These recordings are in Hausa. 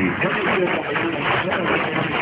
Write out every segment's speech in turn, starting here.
eh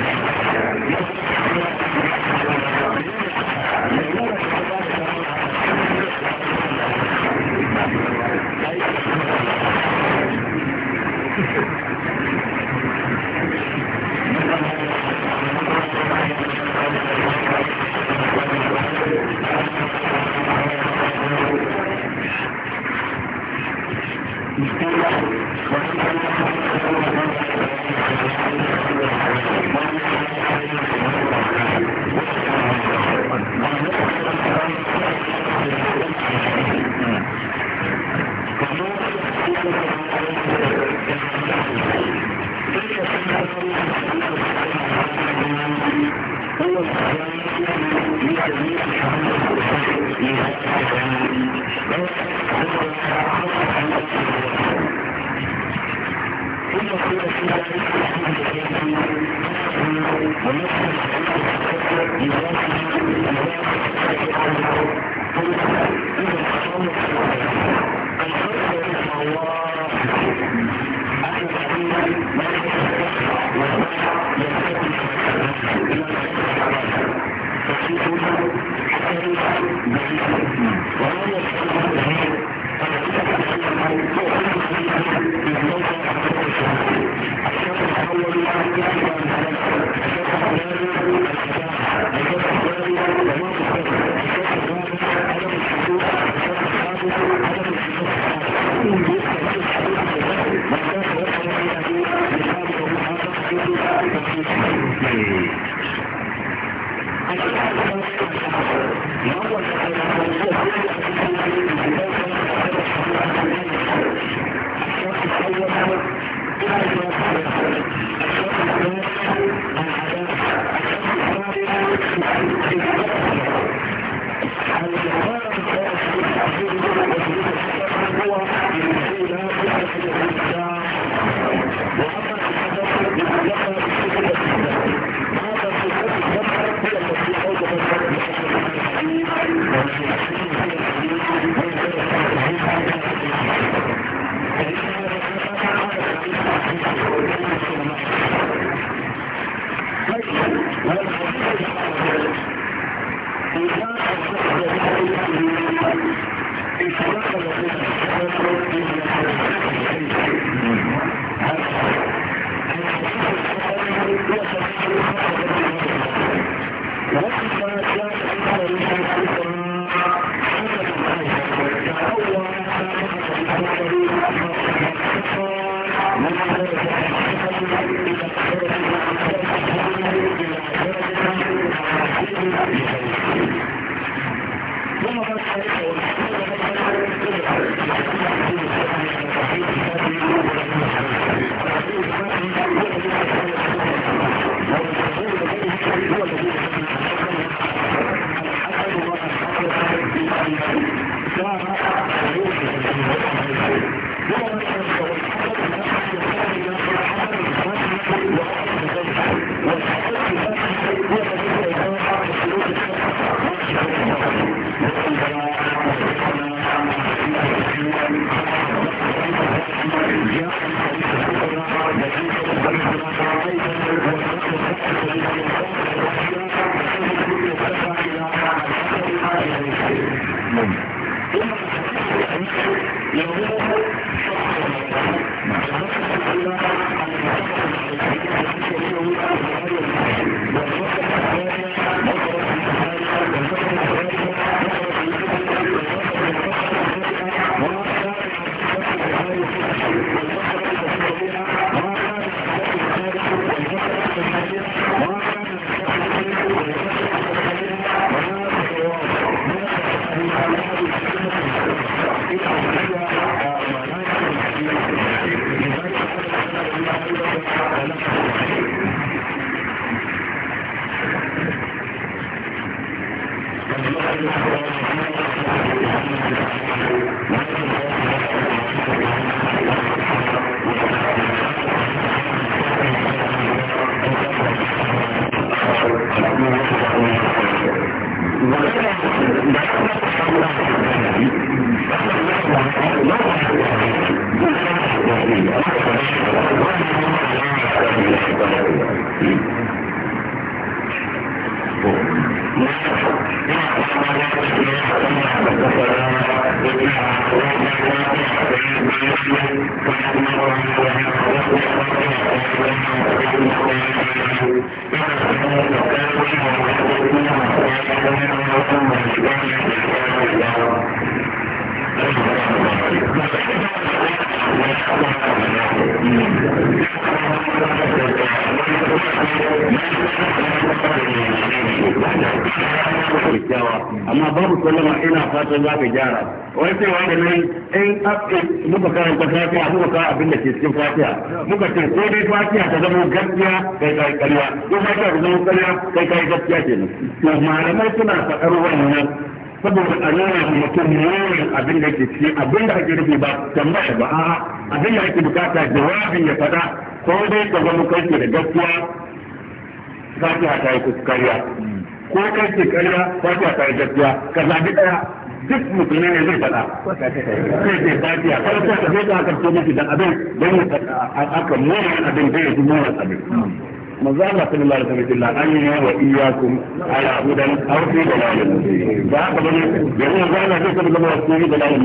za ka gyara wai sai wanda ne in muka karanta fatiha muka kawo abin da ke cikin fatiha muka ce ko dai fatiha ta zama gaskiya kai kai ko fatiha ta zama kai kai gaskiya to malamai suna faɗar wannan saboda a nuna mutum abin da ke abin da ake rufe ba tambaya ba abin da ake bukata jawabin ya faɗa ko dai zama da gaskiya fatiha ta yi ko karya fatiha ta yi gaskiya ka zabi ɗaya duk mutumin ne zai faɗa sai sai fatiya farko ka zai ka karto miki a abin don aka mora abin zai yi mora abin manzo Allah sallallahu alaihi wasallam an yi wa iyyakum ala hudan aw fi dalalin ba ka bane da manzo Allah zai ka zama wasu dalalin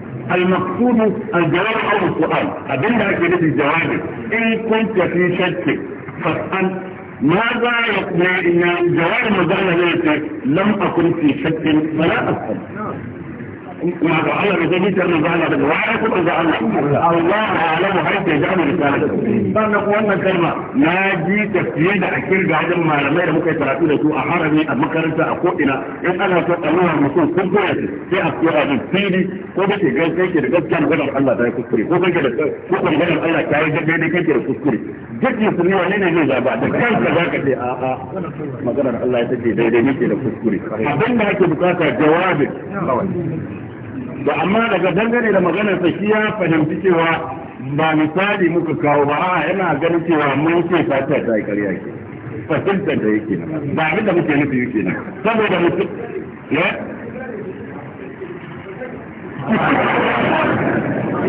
المقصود الجواب او السؤال أبدا أكيد الجواب إن كنت في شك فاسأل ماذا يقول إن جواب مزعل لم أكن في شك فلا أسأل wato Allah da zai jikar nan zama daga kuma za a Allah a alamu har ke za mu misali da su. kuma wannan kalma na ji ka fiye da a kirga wajen malamai da muka yi da su a harami a makaranta a ko'ina in ana so a nuna mutum sun koya su sai a fiye a nan fili ko da ke gaske ke da na gadon Allah ta kuskure ko kanke da kuskure gadon Allah ta yi daidai kanke da kuskure. Duk yin su ne wa ne ne ne zaba da a za ka ce a'a maganar Allah ya ta ke daidai ne ke da kuskure. Abin da ake bukata jawabin. da amma daga dangane da maganar sa shi ya fahimci cewa ba misali muka kawo ba a yana ganin cewa mun ce ta ta yi karya ke fahimtar da yake na ba abin da muke nufi yake na saboda mutum ya.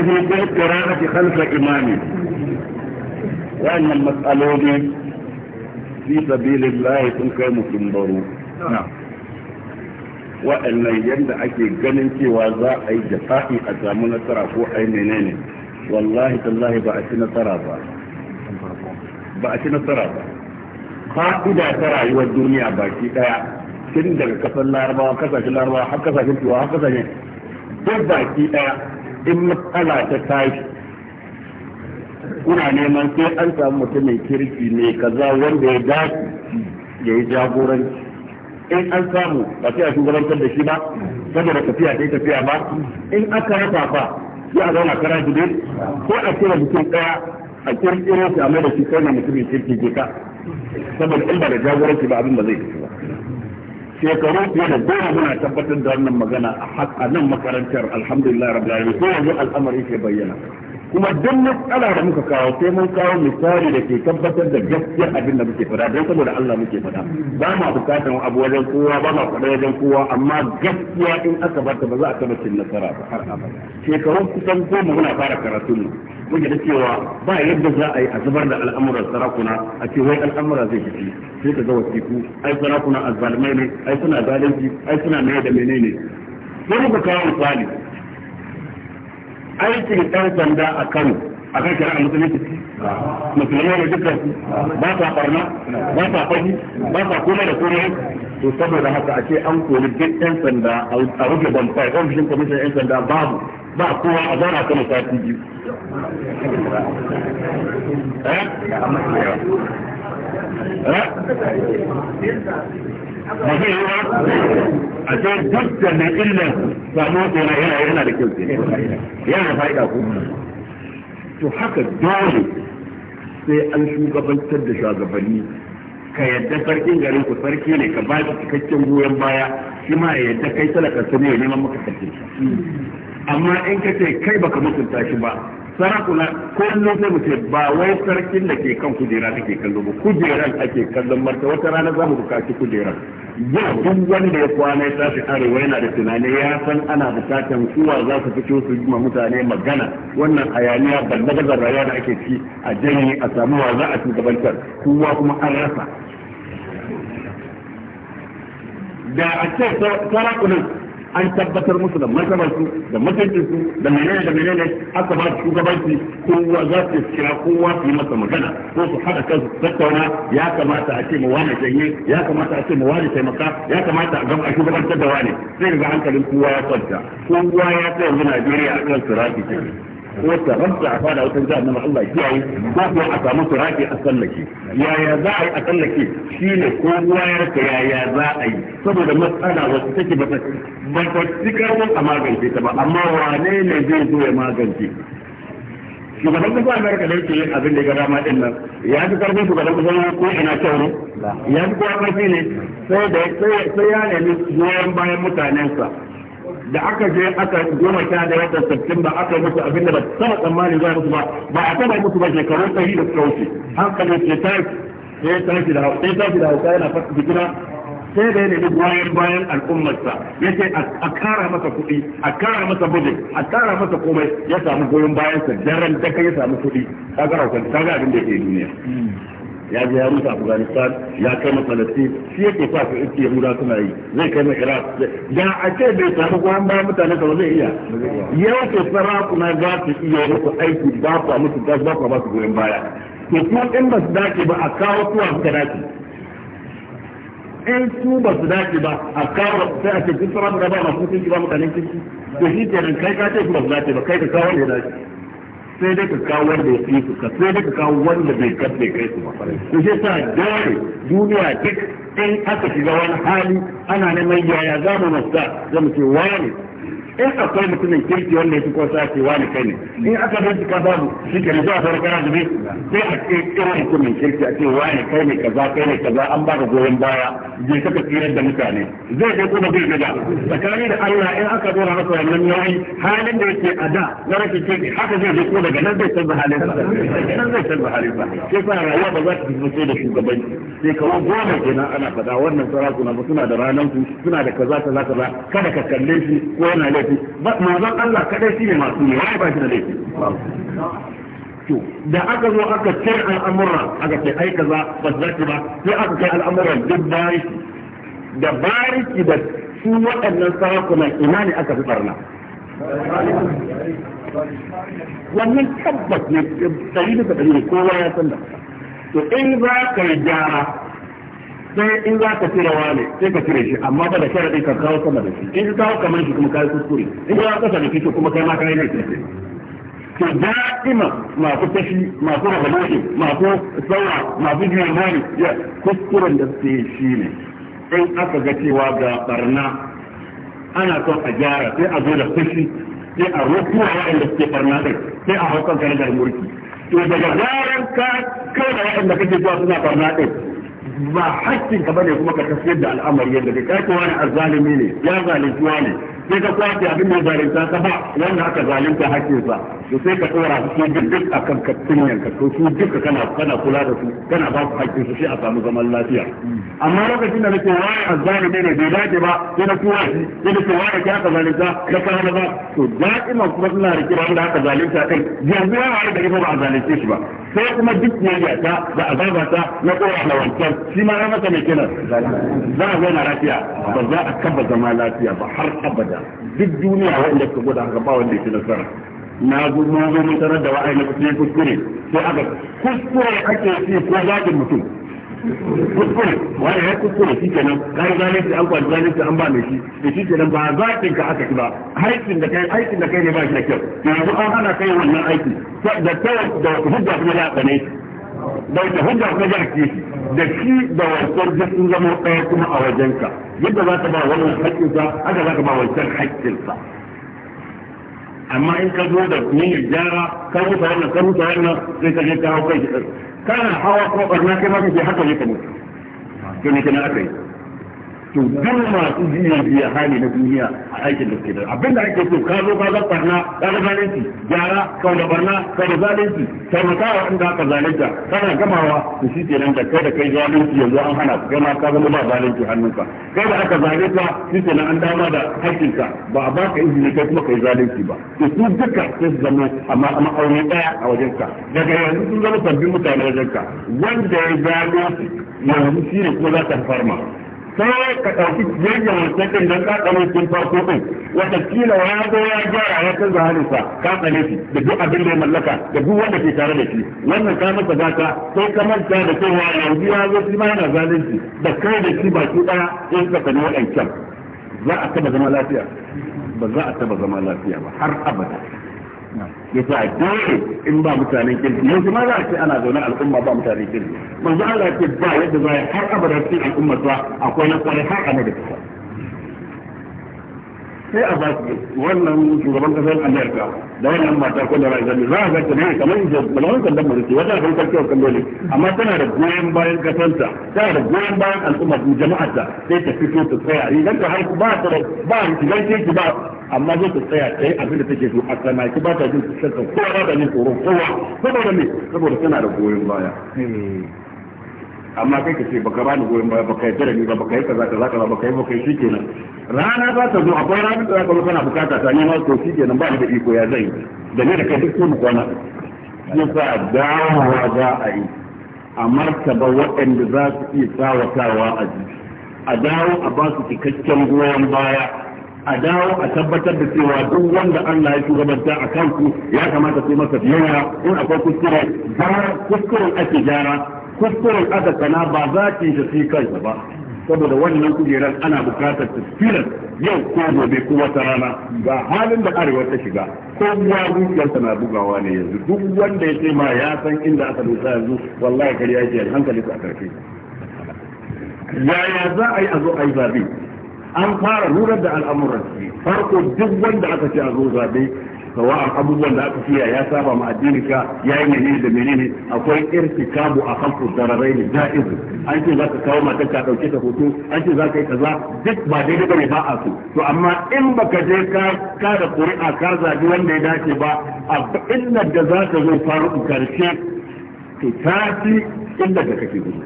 تعرف في القراءة خلف إمامي وأن المسألون في سبيل الله تنكي مكنبرو نعم وأن يجب أن يجنن في وضع أي جفاقي أسامنا ترافو أي منين والله تالله بأسنا ترافا بأسنا ترافا فإذا ترى هو الدنيا باكي تندر كفر الله أربعة وكفر الله أربعة وكفر الله أربعة وكفر الله أربعة وكفر الله أربعة in matsala ta tashi kuna neman sai an samu mutumin kirki mai kaza wanda ya dace ya yi jagoranci in an samu ba sai a shugabantar da shi ba saboda tafiya sai tafiya ba in aka rasa ba sai a zauna kara jibe ko a cire mutum daya a kirkiro shi a mai da shi kai na mutumin kirki ke ka saboda in ba da jagoranci ba abin ba zai fito shekaru fiye da goma muna tabbatar da wannan magana a nan makarantar alhamdulillah rabbi alamin ko yanzu al'amari ke bayyana kuma don matsala da muka kawo sai mun kawo misali da ke tabbatar da gaskiyar abin da muke faɗa don saboda Allah muke faɗa ba ma bukatan abu wajen kowa ba ma faɗa wajen kowa amma gaskiya in aka bata ba za a taɓa cin nasara ba har abada shekarun kusan goma muna fara karatun mu muke da cewa ba yadda za a yi a zubar da al'amuran sarakuna a ce wai al'amura zai tafi sai ka ga wasiku ai sarakuna azzalimai ne ai suna zalunci ai suna mai da menene sai muka kawo misali aikin ɗan sanda a kano a kan shari'a musulunci musulmai wani dukkan ba sa barna ba sa fahi ba sa komai da komai to saboda haka a ce an koli duk ɗan sanda a rufe bamfai ofishin kwamishin ɗan sanda babu ba kowa a zauna kano sati biyu eh, eh? ba zai yi a can, duk na illan samu tsona yana yana da kyau yana da fa'ida ko to haka dole sai an shugabantar da shugabanni ka yadda sarkin garin ku sarki ne ka ba shi cikakken goyon baya shi ma ya yadda kai talaka su ne neman maka sarki amma in ka ce kai baka mutunta shi ba sarakuna kullum sai mu ce ba wai sarkin da ke kan kujera da ke kallo ba kujeran ake kallon marta wata rana za mu bukaci kujeran yau duk wanda ya kwana ya tashi arewa yana da tunani ya san ana bukatan kuwa za su fito su yi mutane magana wannan hayaniya ballagazar rayuwa da ake ci a janye a samu wa za a shugabantar kowa kuma an rasa da a ce sarakunan an tabbatar musu da martabar da mutuncin da menene da menene aka ba shugabanci kowa za su kira kowa su yi masa magana ko su haɗa kansu tattauna ya kamata a ce mu wani janye ya kamata a ce mu wani taimaka ya kamata a gama shugabantar da wani sai ga hankalin kowa ya kwanta kowa ya tsaya yanzu Najeriya a kan rafi kenan ko ta rantsa a fada wutar jihar nama Allah kiyaye ko ko a samu turaki a tsallake yaya za a yi a tsallake shi ne ko wayar ka yaya za a yi saboda matsala wasu take ba ta cikar a magance ta ba amma wane ne zai zo ya magance shugaban ba amerika da yake yin abin da ya dama din nan ya fi karfin shugaban kasa ko ina kyauru ya fi kowa a ne sai sai ya nemi goyon bayan sa da aka je aka goma sha da watan ba aka yi musu abinda da ba taba tsammanin za musu ba ba a taba musu ba shekaru ɗari da suka wuce hankalin ke sai tashi da sai tashi da hausa yana fasa jikina sai da ya nemi bayan bayan al'ummarsa ya ce a kara masa kuɗi a kara masa budget a kara masa komai ya samu goyon bayansa daren daga ya samu kuɗi ta kaga ta kaga abin da ke duniya ya je ya rusa afghanistan ya kai ma shi yake sa su iske yahuda suna yi zai kai da a ce bai samu kwan bayan mutane ba zai iya yau ke sarakuna za su iya rufe aiki ba ku a mutu ba ku ba su goyon baya to kuma in ba su dace ba a kawo kuwa suka dace in su ba su dace ba a kawo sai a ce kun sarakuna ba masu ba mutanen kirki to shi nan kai ka ce su ba su dace ba kai ka kawo ne dace sai dai ka kawo wanda ya fi ka sai dai ka kawo wanda bai kalle kai su ba sai sa dare duniya duk in aka shiga wani hali ana neman yaya za mu masa zamu ce wani in akwai mutumin kirki wanda ya fi kosa ce wani kai ne in aka bincika babu shi ke zuwa sauran kana da bai sai a kirkira mutumin kirki a ce wani kai ne kaza kai ne kaza an baka goyon baya je saka tsirar da mutane zai kai kuma bai gaza tsakani da Allah in aka zo masa wannan nauyi halin da yake a da na rashin kirki haka zai ko daga nan zai canza halin sa nan zai canza halin sa sai sa rayuwa ba za ta fito da shugabanci sai kawo goma kenan ana faɗa wannan sarakuna ba suna da ranar su suna da kaza kaza kaza kada ka kalle shi ko yana laifi manzon Allah kadai shi ne masu ne wai ba shi da laifi to da aka zo aka kai al'amura aka ce ai kaza ba za ki ba sai aka kai al'amura duk bariki da bariki da su waɗannan sarakunan ina ne aka fi barna wannan tabbas ne ɗari da ɗari ne kowa ya san da to in za ka yi gyara sai in za ka cire wane sai ka cire shi amma ba da sharaɗi ka kawo sama da shi in kawo kamar shi kuma kai kuskure in ka kasa da shi to kuma kai ma kai ne to da'ima masu tashi masu rabalai masu saura masu jiyar mani kuskuren da suke shi ne in aka ga cewa ga barna ana son a gyara sai a zo da fashi sai a rukuwa waɗanda suke barna ɗin sai a haukan kan da mulki to daga zarar ka kai da waɗanda kake zuwa suna barna ɗin ba hakkin ka bane kuma ka tafiyar da al'amari yadda ka kai wani azzalimi ne ya zalunci wani sai ka kwace abin da zalunta ka ba wanda aka zalunta hakkin sa to sai ka tsora su duk duk akan kattinyan ka to su duka kana kana kula da su kana ba su hakkin su shi a samu zaman lafiya amma lokacin da nake wani azzalimi ne bai dace ba sai na tura shi sai na ce wani ka zalunta da ka hana ba to da'iman kuma suna rike ba da aka zalunta kai yanzu ya wani da ba a zalunce shi ba sai kuma duk yayi ta da azaba ta na tsora da wancan shi ma ya masa mai kenan za a zauna lafiya ba za a kaba zama lafiya ba har abada da duk duniya wanda ka gwada haka ba wanda yake nasara na gudu Na gudu tare da wa'ai na kuskure kuskure sai aka kuskure ake fi ko zagin mutum kuskure wani ya kuskure shi kenan an kwanci an ba mai shi da shi kenan ba zakin ka aka ci ba da kai aikin ne ba shi da kyau yanzu an hana kai wannan aiki da da hujja kuma da ne bai da hujjar na garke da shi da wancan duk sun zama ɗaya kuma a wajenka yadda za ka ba wannan haƙƙinsa haka za ka ba wancan haƙƙinsa amma in ka zo da niyyar gyara ka rusa wannan ka rusa wannan sai ka je ka hau kai kana hawa ko barna kai ma kake haka ne ka mutu to ne kana aka yi to duk masu jiya biya hali na duniya a aikin da suke da abin da ake so ka zo ka ga barna ka ga zalunci gyara ka da barna ka da zalunci taimaka wa inda aka zalunta kana gamawa to shi kenan da kai da kai zalunci yanzu an hana kai ma ka zama ba zalunci hannunka kai da aka zalunta shi kenan an dama da hakkinka ba a baka izini kai kuma kai zalunci ba to su duka sai su zama amma amma aure daya a wajenka daga yanzu sun zama sabbin mutane wajenka wanda ya zalunci yanzu shi ne kuma za ka farma sai ka ɗauki ciyayya wancan ɗin don ka tsare cikin farko ɗin watakila ya zo ya gyara ya canza halinsa ka tsare shi da duk abin da ya mallaka da duk wanda ke tare da shi wannan ka masa gata sai ka manta da cewa yanzu ya zo shi ma yana zalunci da kai da shi baki ɗaya in ka tsani waɗancan za a taɓa zama lafiya ba za a taɓa zama lafiya ba har abada a dole in ba mutanen kirki yanzu ma za a ce ana zaune al'umma ba mutanen kirki za a ce ba yadda za har abada cikin al'umma akwai na kwarai har abada sai a ba su wannan shugaban kasar amerika da wannan mata ko da ra'ayi za a ga ta ne kamar da malaman sandan mulki wata kan karkiyar kan dole amma tana da goyon bayan kasanta tana da goyon bayan al'umma jama'ar ta sai ta fito ta tsaya idan ta har ba ta ba a shigar keki ba amma zai ta tsaya ta yi abin da take so a ki ba ta jin shakka kowa ba ta jin tsoron kowa saboda me saboda tana da goyon baya amma kai ka ce baka bani goyon baya baka yi tare ni ba baka yi kaza kaza kaza baka yi baka yi shi kenan rana za ta zo akwai ranar da za ka zo kana bukata ta nema to shi kenan ba ni da iko ya zai da ne da kai duk mu kwana yasa damuwa za a yi a martaba waɗanda za su iya tsawatawa a ji a dawo a ba su cikakken goyon baya a dawo a tabbatar da cewa duk wanda Allah ya shugabanta a kanku ya kamata su masa biyayya in akwai kuskure gara kuskuren ake gyara kuskuren aka kana ba za ki shi kansa ba saboda wannan kujerar ana bukatar tafsirar yau ko gobe ko wata rana ga halin da arewa ta shiga ko ya zuciyarsa na bugawa ne yanzu duk wanda ya ce ma ya san inda aka dosa yanzu wallahi kariya yake hankali a karfe yaya za a yi a zo a yi zabe an fara nurar da al'amuran farko duk wanda aka ce a zo zabe sawa'an abubuwan da aka fiya ya saba ma addini ka ya yi menene da menene akwai irtikabu a kan dararai ne ja'iz an ce za ka kawo matar ka dauke ta hoto an ce za ka yi kaza duk ba daidai bane ba a su to amma in baka je ka ka da ƙuri'a ka zabi wanda ya dace ba a inda da za ka zo faru karshe to ta fi inda ka kake gudu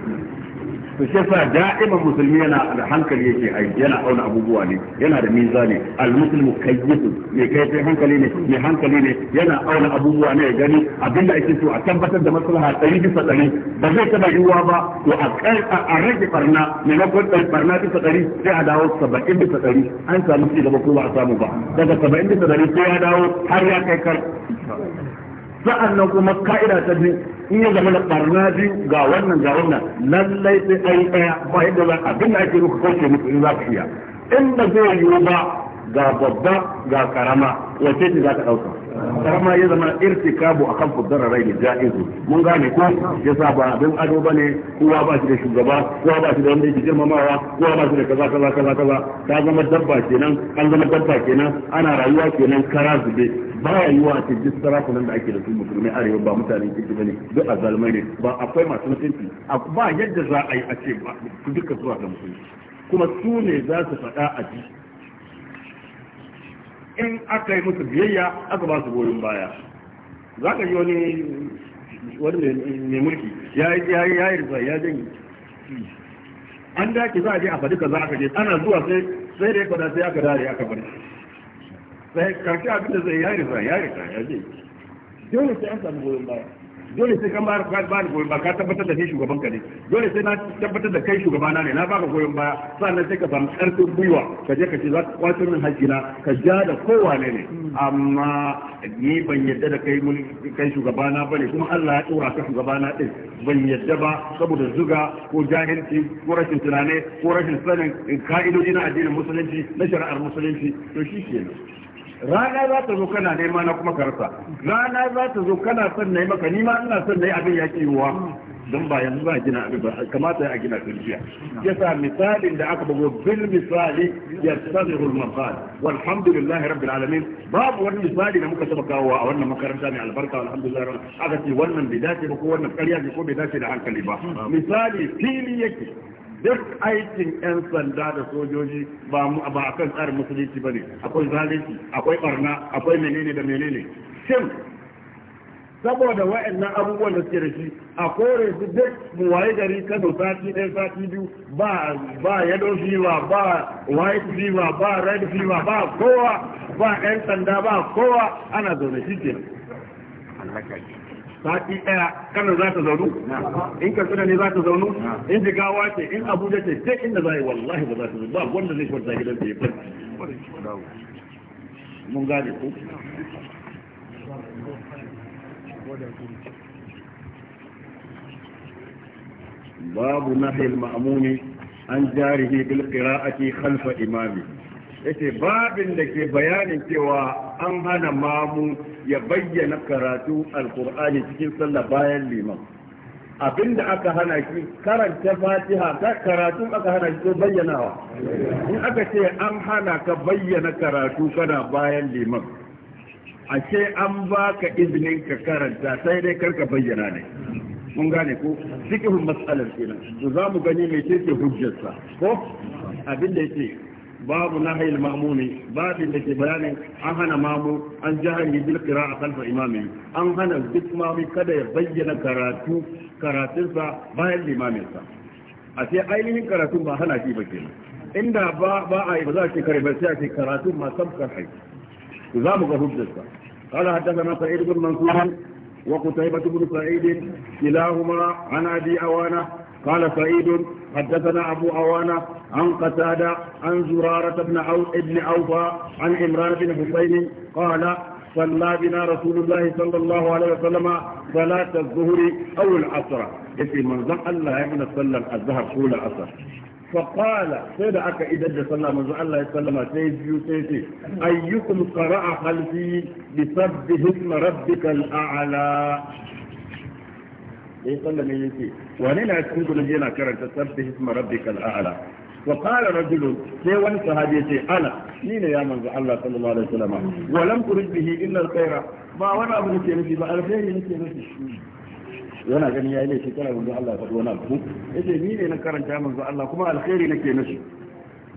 to shi yasa da'iman musulmi yana da hankali yake aiki yana auna abubuwa ne yana da mizani al-muslimu me kai sai hankali ne me hankali ne yana auna abubuwa ne ya gani abinda ake so a tabbatar da maslaha ɗari bisa ɗari ba zai taɓa yiwuwa ba to a rage barna maimakon ɗari barna bisa ɗari sai a dawo saba'in bisa ɗari an samu ci gaba ko ba a samu ba daga saba'in bisa ɗari sai ya dawo har ya kai kar nan kuma ka'ida ta biyu in ya zama da ɓarna biyu ga wannan ga wannan lallai sai ai ɗaya ba yadda za bin da ake muku kauce muku in za ku iya in zai yi ba ga babba ga karama wace ce za ka ɗauka karama ya zama irtikabu a kan fuddara rai da ja'izu mun gane ko ya sa ba abin ado ba ne kowa ba shi da shugaba kowa ba shi da wanda yake girmamawa kowa ba shi da kaza kaza kaza kaza ta zama dabba kenan an zama dabba kenan ana rayuwa kenan kara zube ba yi wa cikin duk sarakunan da ake da su musulmi arewa ba mutane kirki bane duk azalmai ne ba akwai masu mutunci ba yadda za a yi a ce ba duka zuwa ga musulmi kuma su ne za su faɗa a ji in aka yi musu biyayya aka ba su goyon baya za ka yi wani wani mai mulki ya yi ya yi ya yi ya janye an dace za a je a faɗi ka za a je ana zuwa sai sai da ya faɗa sai aka dare aka bari sai karshe abin da zai yari zai yari zai ya zai dole sai an samu goyon baya dole sai kan bayar ka bani goyon baya ka tabbatar da kai shugaban ka ne dole sai na tabbatar da kai shugabana ne na baka goyon baya sannan sai ka samu karfin gwiwa ka je ka ce za ka kwato min hakina ka ja da kowane ne amma ni ban yadda da kai kai shugabana bane kuma Allah ya tsora ka shugabana din ban yadda ba saboda zuga ko jahilci ko rashin tunane ko rashin sanin ka'idoji na addinin musulunci na shari'ar musulunci to shi kenan rana za ta zo kana nema na kuma karsa rana za ta zo kana son na yi maka nima ina son na yi abin ya kewa don ba yanzu ba gina abin ba kamata ya gina turkiya ya sa misalin da aka bugo bil misali ya sadiru mafal walhamdulillahi rabbil alamin babu wani misali da muka saba kawo a wannan makaranta mai albarka walhamdulillah aka ce wannan bai dace ba ko wannan ƙarya ne ko bai dace da hankali ba misali fili yake duk aikin 'yan sanda da sojoji ba a kan tsarin musulunci ba ne akwai zalunci akwai barna akwai menene da menene shin saboda wa'annan abubuwan da suke da shi a kore su duk mu waye gari kano sati ɗaya sati biyu ba ba yellow fever ba white fever ba red fever ba kowa ba ƴan sanda ba kowa ana zaune shi kenan sati daya kanan za ta zaunu in katsina ne za ta zaunu in jigawa ce in abuja ce sai inda za yi wallahi ba za ta zaunu ba wanda zai kwanta gidan da ya bar mun gane ko babu nahil ma'amuni an jarihi bil qira'ati khalfa imami yake babin da ke bayanin cewa an hana mamu ya bayyana karatu alkur'ani cikin sallah bayan liman abinda aka hana shi karanta fatiha ta karatu aka hana shi bayyanawa in aka ce an hana ka bayyana karatu kana bayan liman A ce an baka izinin ka karanta sai dai karka bayyana ne mun gane ko cikin matsalar kenan to za mu gani mai ce hujjarsa ko abin da yake babu na nahayil ma'mumi babin da ke bayanin an hana mamu an jahari bil a khalfa imami an hana duk mami kada ya bayyana karatu karatunsa bayan sa a ce ainihin karatun ba hana shi ba kenan inda ba ba a yi ba za a ce kare ba sai a ce karatun ma sabkar haiti za mu ga hujjarsa قال حدثنا سعيد بن منصور وقتيبة بن سعيد كلاهما عن أبي أوانة قال سعيد حدثنا أبو أوانة عن قتادة عن زرارة بن عوف بن عوفا عن عمران بن حسين قال صلى بنا رسول الله صلى الله عليه وسلم صلاة الظهر أو العصر يسي من ظن الله من صلى الظهر طول العصر فقال سيد أكا إذا صلى من ظن الله صلى الله عليه وسلم أيكم قرأ خلفي بسبه اسم ربك الأعلى da ya sallame ya ce wani na cikin kudin yana karanta sabbi hisma rabbikal a'la wa qala rajulun sai wani sahabi ya ce ana ni ne ya manzo Allah sallallahu alaihi wasallam wa lam turid bihi illa alkhaira ba wani abu ke nufi ba alkhairi ke nufi yana gani yayi ne shekara manzo Allah ya faɗi wani abu yace ni ne na karanta manzo Allah kuma alkhairi nake nufi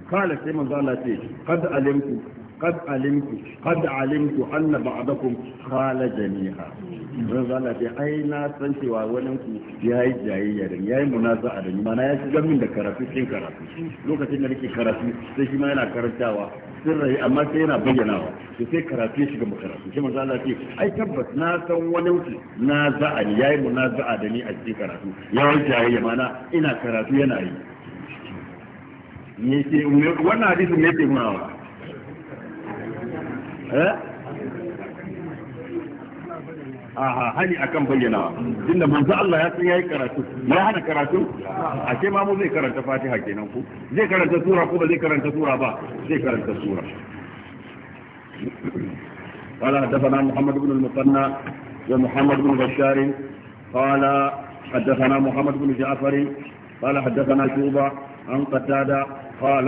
kala sai manzo Allah ce qad alimtu قد علمت قد علمت أن بعضكم خال جميعا zala ce ai na san cewa wani ya yi jayayya da ya yi munaza a da mana ya shiga min da karatu cikin karatu lokacin da nake karatu sai shi ma yana karantawa sirrai amma sai yana bayyanawa to sai karatu ya shiga makaratu shi manzo Allah tabbas na san wani ku na za'a ni yayi da ni a cikin karatu mana ina karatu yana yi ce wannan Eh? a hani akan wa? tunda manzo Allah ya san yi karatu ya hana karatu a ce ma mu zai karanta Fatiha kenan ku zai karanta sura ko ba zai karanta sura ba zai karanta sura قال حدثنا محمد بن المثنى ومحمد بن بشار قال حدثنا محمد بن جعفر قال حدثنا شوبة عن قتادة قال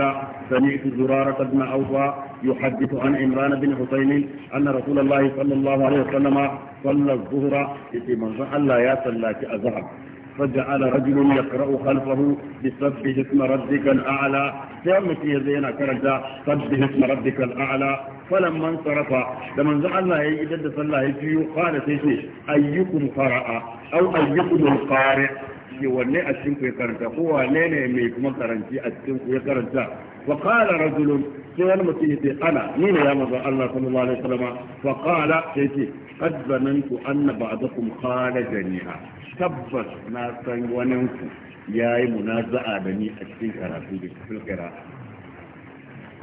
سمعت زرارة بن أوفى يحدث عن عمران بن حسين أن رسول الله صلى الله عليه وسلم صلى الظهر في من الله يا صلى أذهب فجعل رجل يقرأ خلفه بسبح اسم ربك الأعلى سيام في زينا كرجا سبح اسم ربك الأعلى فلما انصرف لمن زعل الله يجد صلى الله عليه قال سيشي أيكم قرأ أو أيكم القارئ يولي wanne a هو ku ya karanta ko wane ne mai sai wani mutum ya ce ana ni ne ya manzon Allah sallallahu alaihi wasallam fa qala sai ce qad zanantu anna ba'dakum qala janiha tabbas na san wani ku yayi munaza'a da ni a cikin karatu da cikin karatu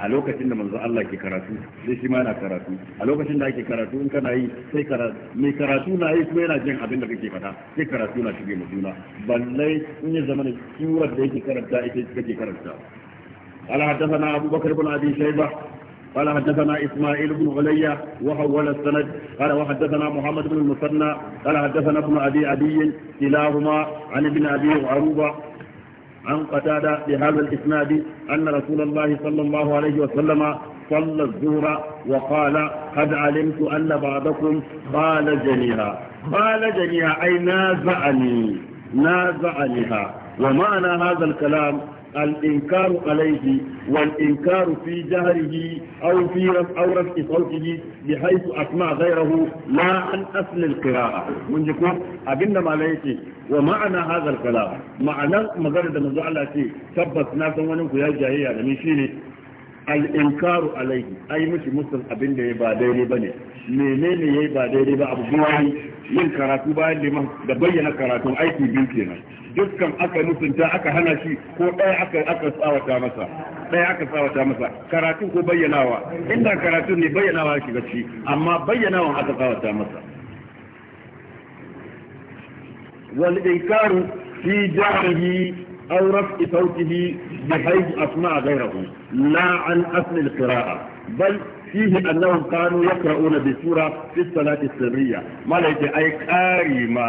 a lokacin da manzo Allah ke karatu sai shi ma na karatu a lokacin da ake karatu in kana yi sai karatu mai karatu na yi kuma yana jin abin da kake fata, sai karatu na shige mu juna balle in ya zama ne kiwar da yake karanta ita kake karanta قال حدثنا أبو بكر بن أبي شيبة قال حدثنا إسماعيل بن علي وحول السند قال وحدثنا محمد بن المثنى قال حدثنا ابن أبي أبي كلاهما عن ابن أبي عروبة عن قتادة بهذا الإسناد أن رسول الله صلى الله عليه وسلم صلى الزور وقال قد علمت أن بعضكم قال جنيها قال جنيها أي نازعني نازعنيها ومعنى هذا الكلام الإنكار عليه والإنكار في جهره أو في أو رفع صوته بحيث أسمع غيره لا عن أصل القراءة من جكوب أبن ما ومعنى هذا الكلام معنى مجرد من مزعلة تبت ناسا ونكو يا جاهية لمشيني al'inkaru عليه ai مش musul abin da ya بني daidai ba ne menene ya yi ba daidai ba abu yin karatu bayan liman da bayyana karatun aiki biyu kenan dukkan aka mutunta aka hana shi ko ɗaya aka aka tsawata masa ɗaya aka tsawata masa karatu ko bayyanawa inda karatu ne bayyanawa shi gaci amma bayyanawa aka tsawata masa wal inkaru fi jahrihi aw raf'i sawtihi bihayth asma' ghayrihi la an asl al qira'a bal فيه أنهم كانوا يقرؤون بسورة في الصلاة السرية ما لدي أي كارمة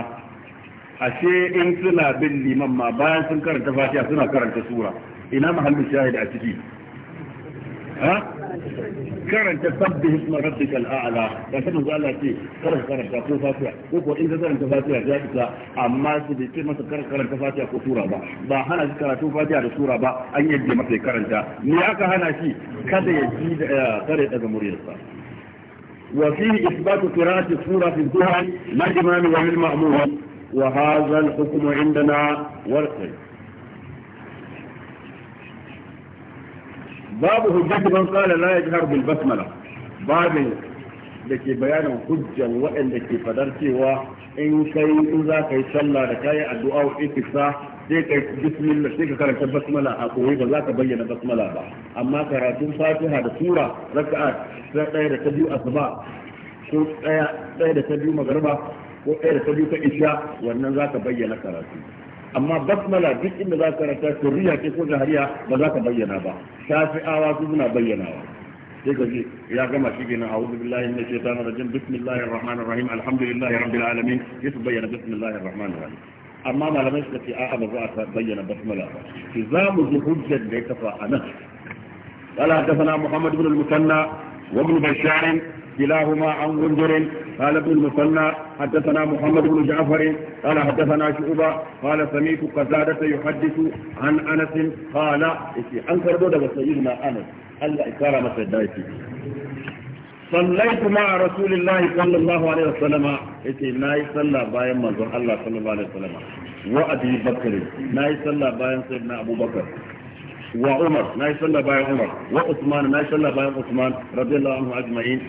ashe in suna bin liman ma bayan sun karanta fatiha suna karanta sura ina mahallin shahid a ciki ha karanta sabbi hisma rabbika al'a'la da kuma zalla ce karanta karanta ko fatiha ko ko in karanta fatiha ya isa amma su bai ce masa karanta fatiha ko sura ba ba hana shi karatu fatiha da sura ba an yadda masa karanta me aka hana shi kada ya ji da kare daga muryarsa وفيه إثبات قراءة السورة في الظهر للإمام وللمأموم وهذا الحكم عندنا والقي باب حجة من jihar لا يجهر بالبسملة باب dake bayanan hujjan waɗanda ke fadar cewa in kai in za ka yi sallah da kayi addu'a wa ikisa sai ka bismillah sai ka karanta basmala a koyi ba za ka bayyana basmala ba amma karatun fatiha da sura raka'a ta ɗaya da ta biyu asuba ko ɗaya da ta biyu magarba ko ɗaya da ta biyu ta isha wannan za ka bayyana karatu amma basmala duk inda za ka karanta sirriya ce ko jahariya ba za ka bayyana ba shafi'awa su suna bayyanawa sai ka ji ya gama shi kenan a'udhu billahi minash shaitanir rajim bismillahir rahmanir rahim alhamdulillahi rabbil alamin su bayyana bismillahir rahmanir rahim amma malamai suka ce a'a ba za a bayyana basmala ba ki za mu ji hujjar da ya kafa a nan قال حدثنا محمد بن المثنى وابن بشار كلاهما عن غندر قال ابن المثنى حدثنا محمد بن جعفر قال حدثنا شعبة قال سميت قزادة يحدث عن أنس قال عن كربودة وسيدنا أنس الله إكرم سيداتي صليت مع رسول الله صلى الله عليه وسلم يتي ناي صلى باين منظر الله صلى الله عليه وسلم وأبي بكر ناي صلى باين سيدنا أبو بكر وعمر ناي صلى باين عمر وعثمان ناي صلى باين عثمان رضي الله عنه أجمعين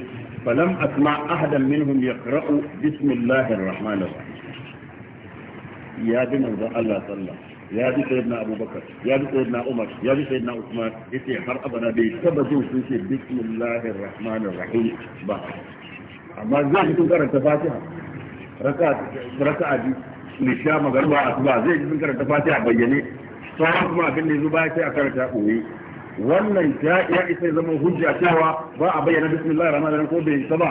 falam asma ahadan minhum yaqra'u bismillahir rahmanir rahim ya yace har abada bai amma zai sun karanta fatiha raka raka bi nisha magarba asuba zai sun karanta fatiha bayyane sauran da zuba sai wannan ta ya isa zama hujja cewa ba a bayyana bismillah rahman rahim ko bai ba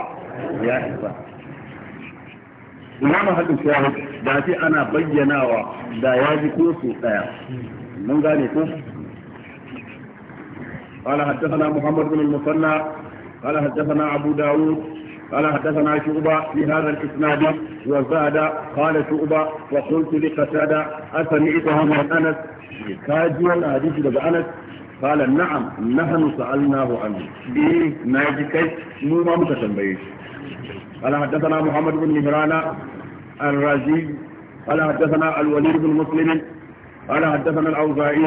ya isa ina ma hadin shahid da sai ana bayyanawa da ya ji ko su daya mun gane ko قال حدثنا محمد بن المثنى قال حدثنا أبو داود قال حدثنا شعبة بهذا الإسناد وزاد قال شعبة وقلت لقتادة أسمعتها من أنس كاجوا الحديث لدى أنس قال نعم نحن سألناه عنه إيه ناجي مو ما متتنبيش قال حدثنا محمد بن مهران الرازي قال حدثنا الوليد بن مسلم قال حدثنا الأوزاعي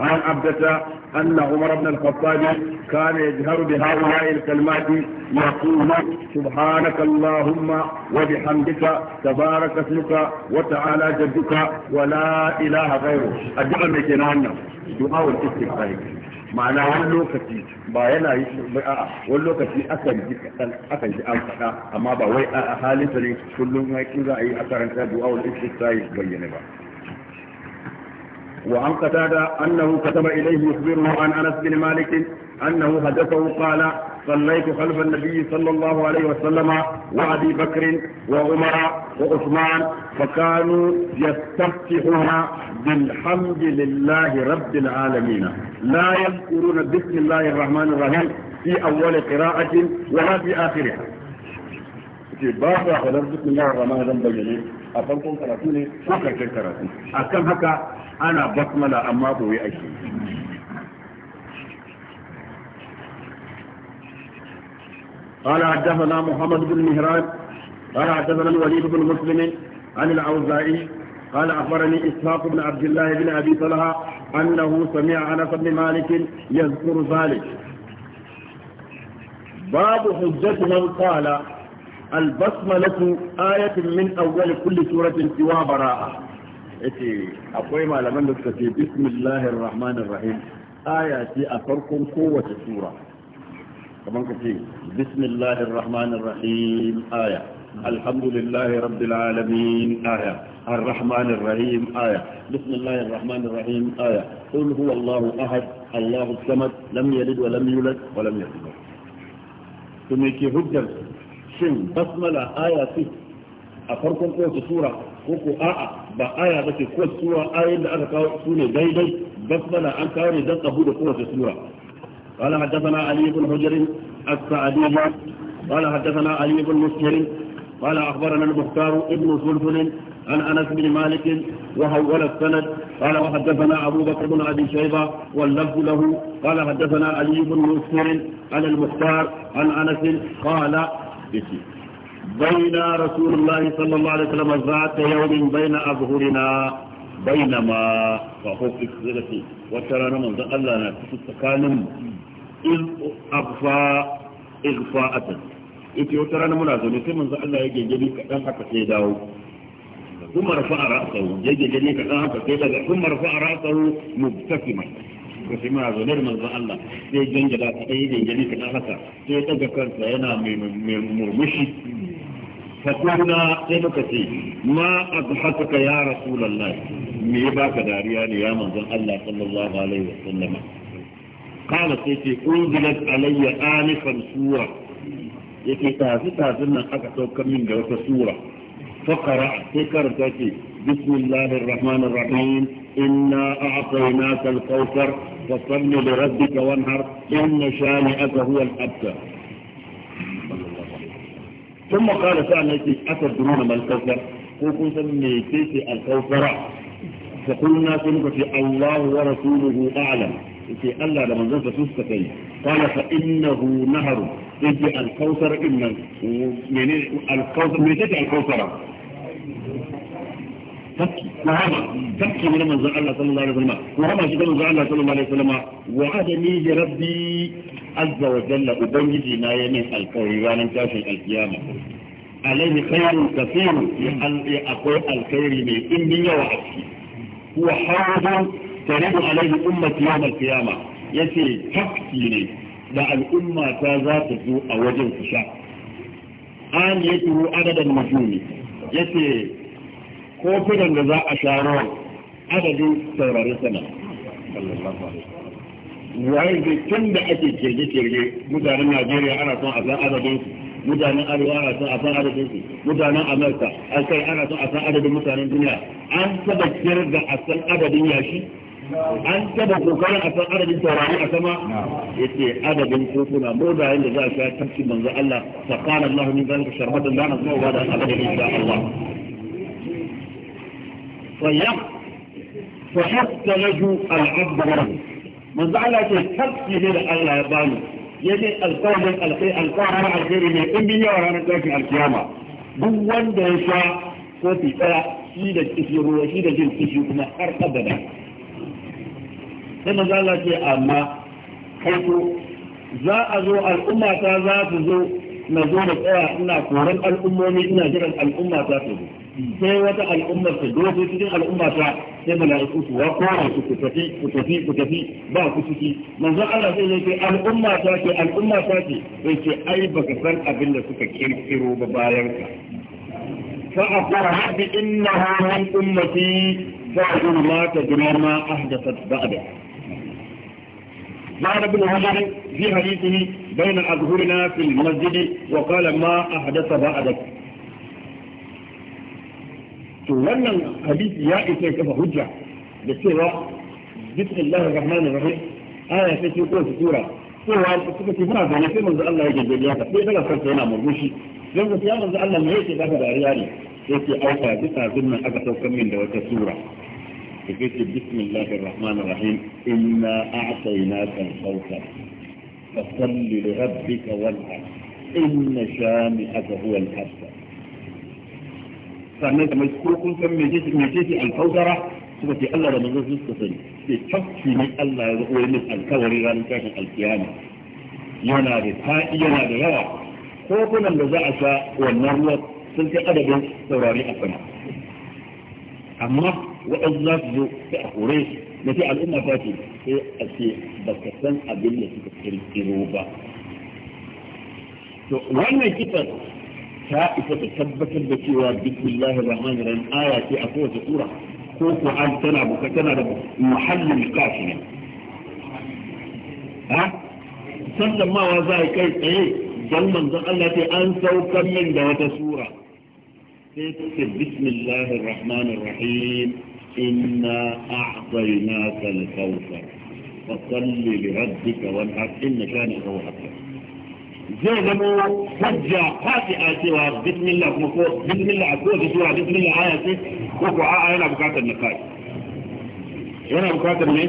عن عبدة أن عمر بن الخطاب كان يجهر بهؤلاء الكلمات يقول سبحانك اللهم وبحمدك تبارك اسمك وتعالى جدك ولا إله غيره أجب المجنة عنه دعاء الاستفقائك معنى ولو كتي با يلا يشبع آه، ولو كتي أكل جيك أكل جيك أكل جيك أما با وي أحالي آه، تري كل ما يكون رأي دعاء الاستفقائك بيّنه وعن قتادة أنه كتب إليه يخبره عن أنس بن مالك أنه حدثه قال صليت خلف النبي صلى الله عليه وسلم وأبي بكر وعمر وعثمان فكانوا يستفتحون بالحمد لله رب العالمين لا يذكرون بسم الله الرحمن الرحيم في أول قراءة ولا في آخرها. باب بسم الله الرحمن الرحيم a farkon karatu ne haka ana basmala amma ake قال حدثنا محمد بن مهران قال حدثنا الوليد بن مسلم عن الاوزاعي قال اخبرني اسحاق بن عبد الله بن ابي طلحه انه سمع انس بن مالك يذكر ذلك باب حجة من قال البصمه له ايه من اول كل سوره سوى براءه ايتي اكوي معلمان دكتور في بسم الله الرحمن الرحيم ايه في افركم قوه السوره كمان كتي بسم الله الرحمن الرحيم ايه الحمد لله رب العالمين آية الرحمن الرحيم آية بسم الله الرحمن الرحيم آية قل هو الله أحد الله السمد لم يلد ولم يولد ولم يكبر تميكي هجر shin basmala aya ce a farkon kowace sura ko ko a'a ba aya ba ce kowace sura ayoyin da aka kawo su ne daidai basmala an kawo ne don abu da kowace sura قال حدثنا علي بن حجر السعدي قال حدثنا علي بن مسهر قال أخبرنا المختار ابن سلسل عن أنس بن مالك وحول السند قال وحدثنا أبو بكر بن أبي شيبة واللفظ له قال حدثنا علي بن مسهر عن المختار عن أنس قال ديكي بين رسول الله صلى الله عليه وسلم ذات يوم بين أظهرنا بينما فهو إخذتي وترى نمو ذا الله نفسه تقالم إذ أغفاء إغفاءة إذ وترى نمو ذا نسيم ذا الله يجي جديد كأن حتى سيداو ثم رفع رأسه يجي جديد كأن حتى سيداو ثم رفع رأسه مبتسما to shi muna zaune da manzon Allah sai gangala sai gangani kadan haka sai daga kansa yana mai murmushi fakulna sai muka ce ma abhatuka ya rasulullah me ya baka dariya ne ya manzon Allah sallallahu alaihi wasallam kana sai ce unzilat alayya anifan sura yake tafi tafin nan aka saukar min da wata sura fakara sai karanta ce bismillahir rahmanir rahim إنا أعطيناك الكوثر فصل لربك وانهر إن شانئك هو الأبتر ثم قال سألتي أتدرون ما الكوثر كوكو سميتيك الكوثر فقلنا سنك في الله ورسوله أعلم في ألا لمن ذنب سستكي قال فإنه نهر إذ الكوثر إن الكوثر ميتيك الكوثر فكي وهما فكي من منزل الله صلى الله عليه وسلم وهما شكا منزل الله صلى الله عليه وسلم وعدني لربي عز وجل أبنجي ما يمين القوي وانا كافي القيامة عليه خير كثير أقوي الخير من إني وعسكي هو حوض تريد عليه أمة يوم القيامة يسير تكتيني دع الأمة تازات سوء وجه الفشاء آن يترو عدد النجوم يسير ko kiran da za a sharo adadin saurari sana waye da tun da ake kirge-kirge mutanen najeriya ana son a san adadin mutanen arewa ana son a san adadin su mutanen amurka an kai ana son a san adadin mutanen duniya an taba kirga a san adadin yashi an taba kokarin a san adadin taurari a sama ya ce adadin kofuna moda da za a sha tafsi manzo Allah sakana Allah min ka sharbatan da na zuwa da abin da Allah صيام فحتى نجو العبد رب من زعل تحت يعني من الأبان يلي القوم القي القارع الغير من أمي وأنا كافي القيامة دون دشا كوتي فلا شيدا كثير وشيدا جل كثير من أخر أبدا من زعل أما حيث زاء زو الأمة تزاء زو نزول إيه إنا كورن الأمومي الأمة تزاء sai wata al'ummar ta dogo cikin al'umma ta sai mala'iku su wa kora su ku tafi ku tafi ku tafi ba ku ciki manzon Allah sai zai ce al'umma ta ce al'umma ta ce sai ce ai baka san abin da suka kirkiro ba bayan ka fa aqra bi innaha min ummati fa'dun ma tadri ma ahdathat ba'da قال ابن حجر في حديثه بين أظهرنا في المسجد وقال ما أحدث بعدك to wannan hadisi ya isa kafa hujja da cewa bismillahir rahmanir rahim aya ta ce ko sura cewa suka ce muna zaune sai manzo Allah yake gari haka sai daga kansa yana murmushi dan ga ya manzo Allah ne yake daga dariya ne yake aika bisa zunnan aka saukar min da wata sura ce bismillahir rahmanir rahim inna a'tainaka al الرحيم fa salli li rabbika لربك inna إن huwa al الأبتر sannan kamar ko kun san me ce me ce alkausara suka ce Allah da manzo sun suka sani sai tafki ne Allah ya zo min alkawari ranar tashin alkiyama yana da fa'i yana da yawa ko kunan da za a sha wannan ruwa sun kai adadin saurari a sama amma waɗansu za su zo sai a kore na ce al'umma ta ce sai eh, a ce ba ka san abin da suka kirkiro ba to wannan kitar فائسة تثبت التي وابدك الله الرحمن الرحيم آية في أفوز سورة قوك عن تنعب فتنعب محل القاسم ها سلم ما وزاي كي ايه جلما ذقلت أنسوا كم من دوات سورة تكتب بسم الله الرحمن الرحيم إنا أعطيناك الكوثر فصل لربك والحق إن كان هو أكثر zai zama hajja a cewa bismillah kuma ko bismillah a kowace sura bismillah aya ce ko ko a'a yana bukatar nafai yana bukatar ne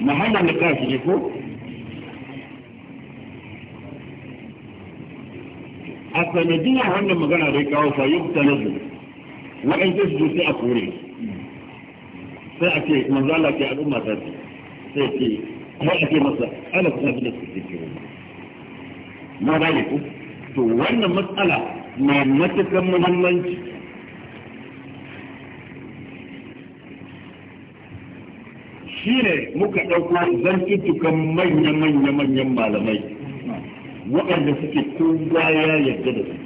muhammad na kashi ne ko a sanadiyar wannan magana da ya kawo fa yi ta nazu waɗansu su sai a kore sai a ce manzala ke al'umma ta ce sai ce kuma ake masa ana kusa da su ke ma ba ne ku to wannan matsala mai matukan muhimmanci shi ne muka ɗauko zan zantuttukan manya-manya-manyan malamai waɗanda suke kowa ya yarda da su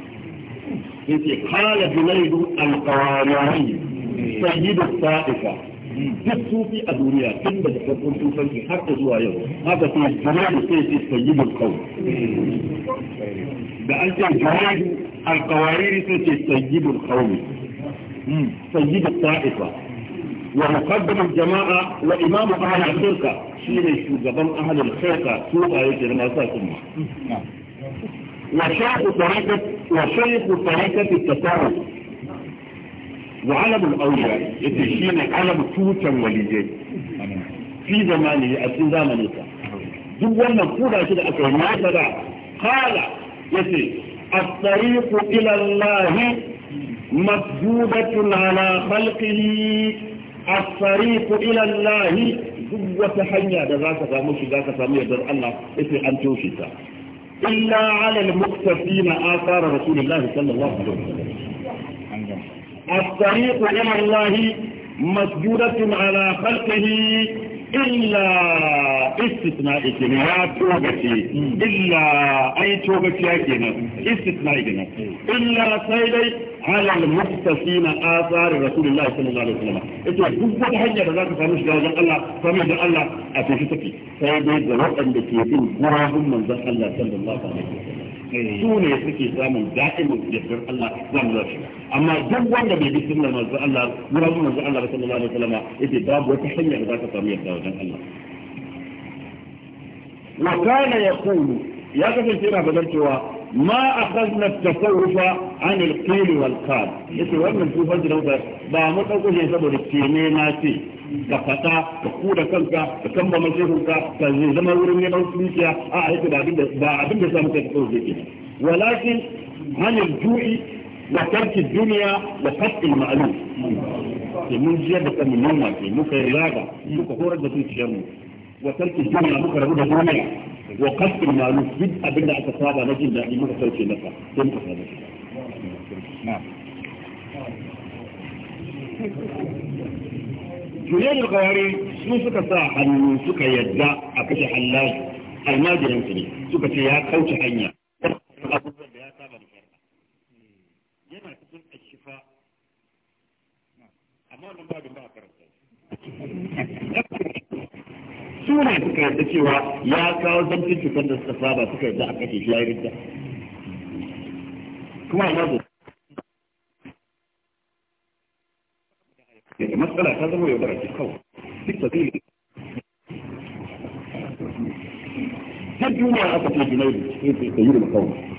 yake kala bilaidu alƙawarari sayyidu sa'ifa في أدوريا كم بجحة كنتم فنسي حتى زوا يوم هذا في الزراج سيسي سيب القوم بأنت الزراج القوارير سيسي سيب القوم سيب الطائفة ومقدم الجماعة وإمام أهل الخلقة شيري نعم. وشيخ طريقة وشيخ وعلم الأولياء يتشين علم كوتا وليجي في زمانه أسن زمانه duk wannan kuda shi da aka yi mata da kala الطريق إلى الله مفجودة على خلقه الطريق إلى الله ذوة حنيا ذاك ساموش ذاك سامي يدر الله إسي أنتوشي توشيك إلا على المقتفين آثار رسول الله صلى الله عليه وسلم الطريق إلى الله مسجودة على خلقه إلا استثناء كنا توبتي إلا أي توبتي كنا استثناء كنا إلا سيدي على المحتسين آثار رسول الله صلى الله عليه وسلم إذا كنت حاجة بذلك فمش جاوزا الله فمش الله أتوشتك سيدي زوء أن تكيبين قراهم من ذا الله صلى الله عليه وسلم Eh. su ne suke samun da'imin yardar Allah zan za su amma duk wanda bai bi sunnar manzo Allah wurin manzo Allah sallallahu alaihi wasallam yace babu wata hanya da za ka samu yarda wajen Allah wa kana yaqulu ya kasance yana fadar cewa ma akhadna at-tasawwufa an al-qil wal qal yace wannan tufan da ba mu dauko ne saboda kene ce ka fata ka ku da kanka ka kamba masihunka ka zai zama wurin neman dukiya a aiki ba abin da samu kai ka kawai zai walakin hanyar ju'i da tarki duniya da fatin ma'alu ke mun jiyar da kanmu noma ke muka yi raga muka horar da mu wa tarki duniya muka rabu da duniya wa faskin ma'alu duk abin da aka saba na jin daɗi muka sauke masa sai muka saba shi. juriyar alkawari sun suka sa hannu suka yadda a kashe hallaji almajiran su ne suka ce ya kauce hanya abubuwan da ya saba da farka yana cikin shifa amma wannan babin ba a karanta suna suka yadda cewa ya kawo zamtin cutar da suka saba suka yadda a kashe shi ya yi rinta kuma amma يعني مسألة هذا هو يدرك في بالتدليل هل جمعة أتت في تجيب القوم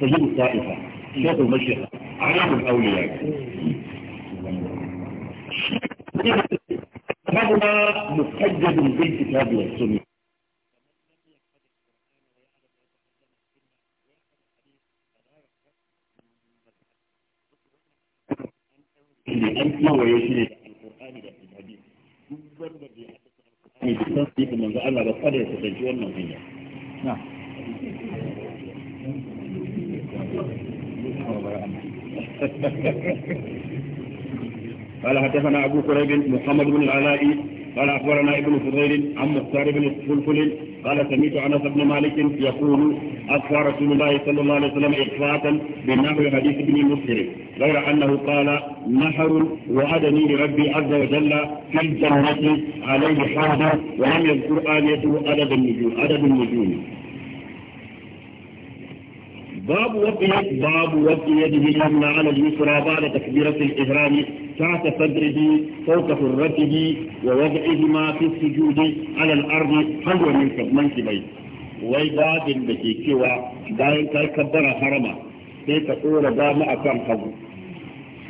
تجيب الطائفة شيخ المشيخة عالم الأولياء هذا مقيد بالكتاب والسنة ne an kewaye shi ne da alƙur'ani da alhaji duk wanda bai a alƙur'ani da tasiri manzo Allah ba kada ya kusanci wannan hanya قال حدثنا أبو كريب محمد بن قال أخبرنا ابن فضيل عن مختار بن فلفل قال سمعت أنس بن مالك يقول أتى رسول الله صلى الله عليه وسلم إخفاء بنحو حديث ابن مسلم غير أنه قال نحر وعدني لربي عز وجل في الجنة عليه حاجة ولم يذكر آليته عدد النجوم عدد النجوم باب وقيه باب يده اليمنى على اليسرى بعد تكبيرة الإهرام تحت صدره فوق فرته ووضعهما في السجود على الأرض حلو من منكبيه وي باب بكي كوى داين كاي كبرى حرما كيف تقول باب ما أكام حظ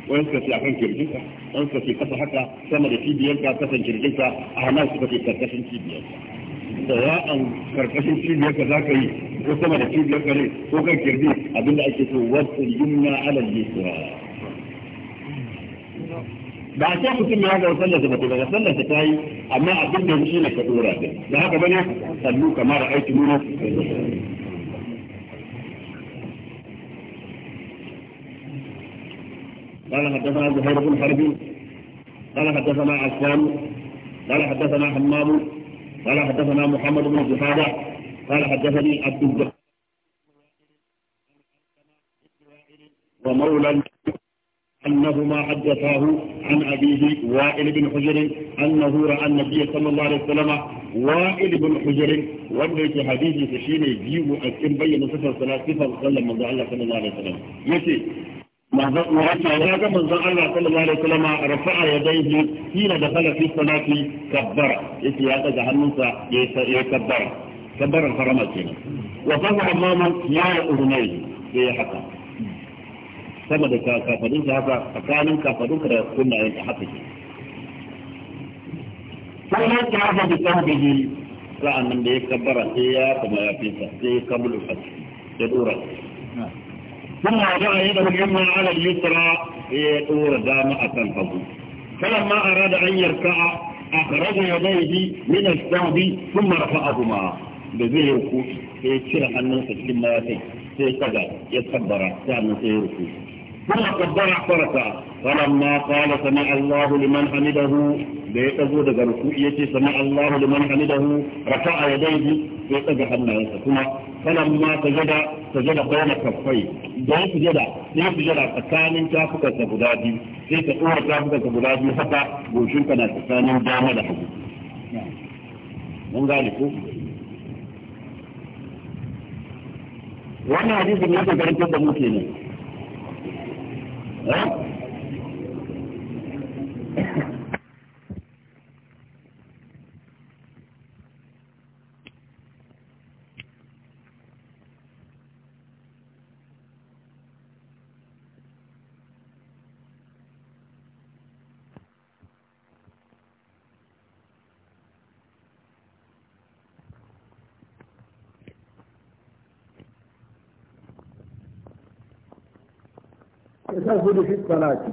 وانسى في أكام كرجنكا وانسى في قصة حتى سمد في بيانكا كسن كرجنكا أهما سبكي كرجن في بيانكا سواء كرجن في بيانكا ذاك ko sama da cibiyar kare ko kan kirji abinda ake so wasu yunna ala yusra ba a ce mutum ya ga sallar ba daga sallar ta yi amma abin da shi ne ka dora da da haka bane sallu kamar aiki nuna قال حدثنا زهير بن حرب قال حدثنا عسام قال حدثنا حمام قال حدثنا محمد بن زهاده قال حدثني عبد الجبار ومولى أنهما حدثاه عن أبيه وائل بن حجر أنه رأى النبي صلى الله عليه وسلم وائل بن حجر وانه في حين يجيب ان بيّن صفة صلاة صفة صلى الله عليه وسلم يتي وهذا من الله صلى الله عليه وسلم رفع يديه حين دخل في الصلاة كبر يتي هذا جهنم يكبر كبر الحرمات هنا وفضع الماما يا أرنين في حقا كما ذلك كافرين هذا فكان كافدوك كرا يقولنا أين حقه فما كعب بكهبه فأنا من ذلك كبر سيا كما يفيد سيا قبل الحج يدورا ثم وضع يده اليمنى على اليسرى يدور دام أكل فضل فلما أراد أن يركع أخرج يديه من الثوب ثم رفعهما da ya yi sai ya cire hannunsa cikin mayafai sai ya kaga ya tabbara sannan sai ya ruku ثم كبر فرسا فلما قال سمع الله لمن حمده da ya ɗago daga ruku'i yace sami Allahu liman hamidahu rafa'a yadayhi ya ɗaga hannayensa kuma falan ma sajada sajada bayna kaffai da ya sujada ya sujada tsakanin tafukansa guda biyu sai ka ɗora tafukansa guda biyu haka goshinka na tsakanin dama da hagu mun gane ko wannan hadisin yake karfin da muke ne eh tahuru fi salati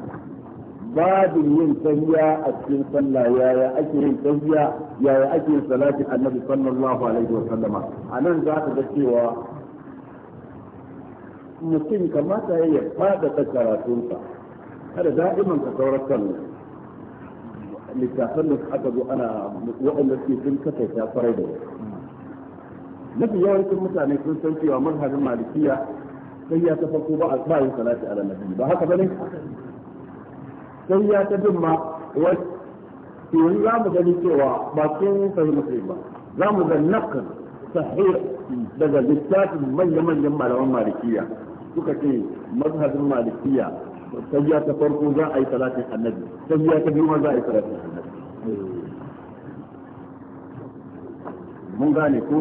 babu yin tahiya a cikin sallah yaya ake yin tahiya yaya ake yin salati annabi sallallahu alaihi wa sallama anan za ka ga cewa mutum kamata ya fada ta karatunsa kada da'iman ka saurar kan littafin da aka zo ana waɗanda suke sun kasance kwarai da wasu mafi yawancin mutane sun san cewa mazhabin malikiya sai ya ta farko ba a yin salati ala nabi ba haka bane sai ya ta bin ma wai yanzu za mu gani cewa ba sun fahimci ba za mu ga naqd sahih daga littafin manya-manyan malaman malikiya suka ce mazhabin malikiya ya ta farko za a yi salatin annabi ya ta bin biyu za a yi salatin annabi mun gane ko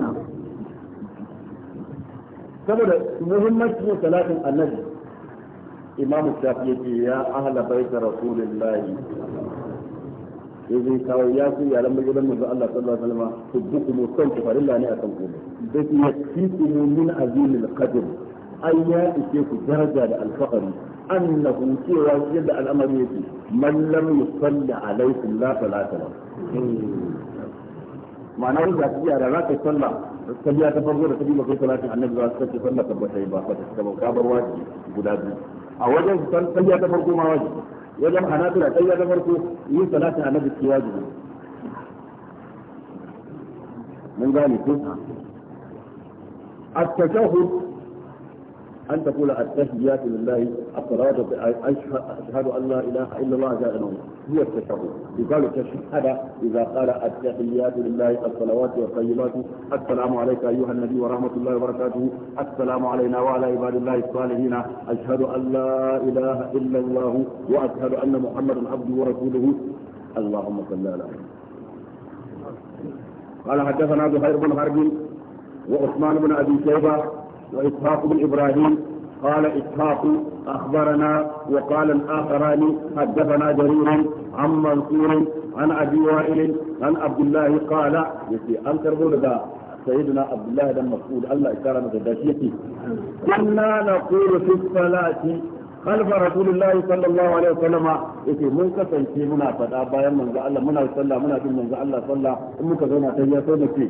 saboda muhimmancin salatin annabi imamu shafi yake ya ahla baita rasulillahi yanzu kawo ya ku yaran magidan manzo Allah sallallahu alaihi wasallam tubbukum kuntu farilla ne akan ku dai yakikum min azimil qadr ay ya ike ku daraja da alfaqari annahu cewa yadda al'amari yake man lam yusalli alaikum la salata lahu ma'ana wanda ya da zaka sallah tabiya ta farko da ta biyu kai talatin annabi za su kace sallah tabbata ba ba ta ba ka bar guda biyu a wajen tabiya ta farko ma waji wajen hanafila tabiya ta farko yin talatin annabi ke wajibi mun gane ko a tashahhud أن تقول التحيات لله أقراض أشهد أن لا إله إلا الله جاء هي التشهد يقال التشهد إذا قال التحيات لله الصلوات والطيبات السلام عليك أيها النبي ورحمة الله وبركاته السلام علينا وعلى عباد الله الصالحين أشهد أن لا إله إلا الله وأشهد أن محمدا عبده ورسوله اللهم صل على قال حدثنا زهير بن حرب وعثمان بن أبي شيبة وإسحاق بن إبراهيم قال إسحاق أخبرنا وقال الآخران حدثنا جرير عن منصور عن أبي وائل عن عبد الله قال يسي أنكر بلدا سيدنا عبد الله بن مسعود الله إكرم قداسيتي كنا نقول في الصلاة خلف رسول الله صلى الله عليه وسلم يسي mun kasance muna faɗa bayan manzo Allah من sallah muna bin manzo Allah sallah in muka zauna tayya sai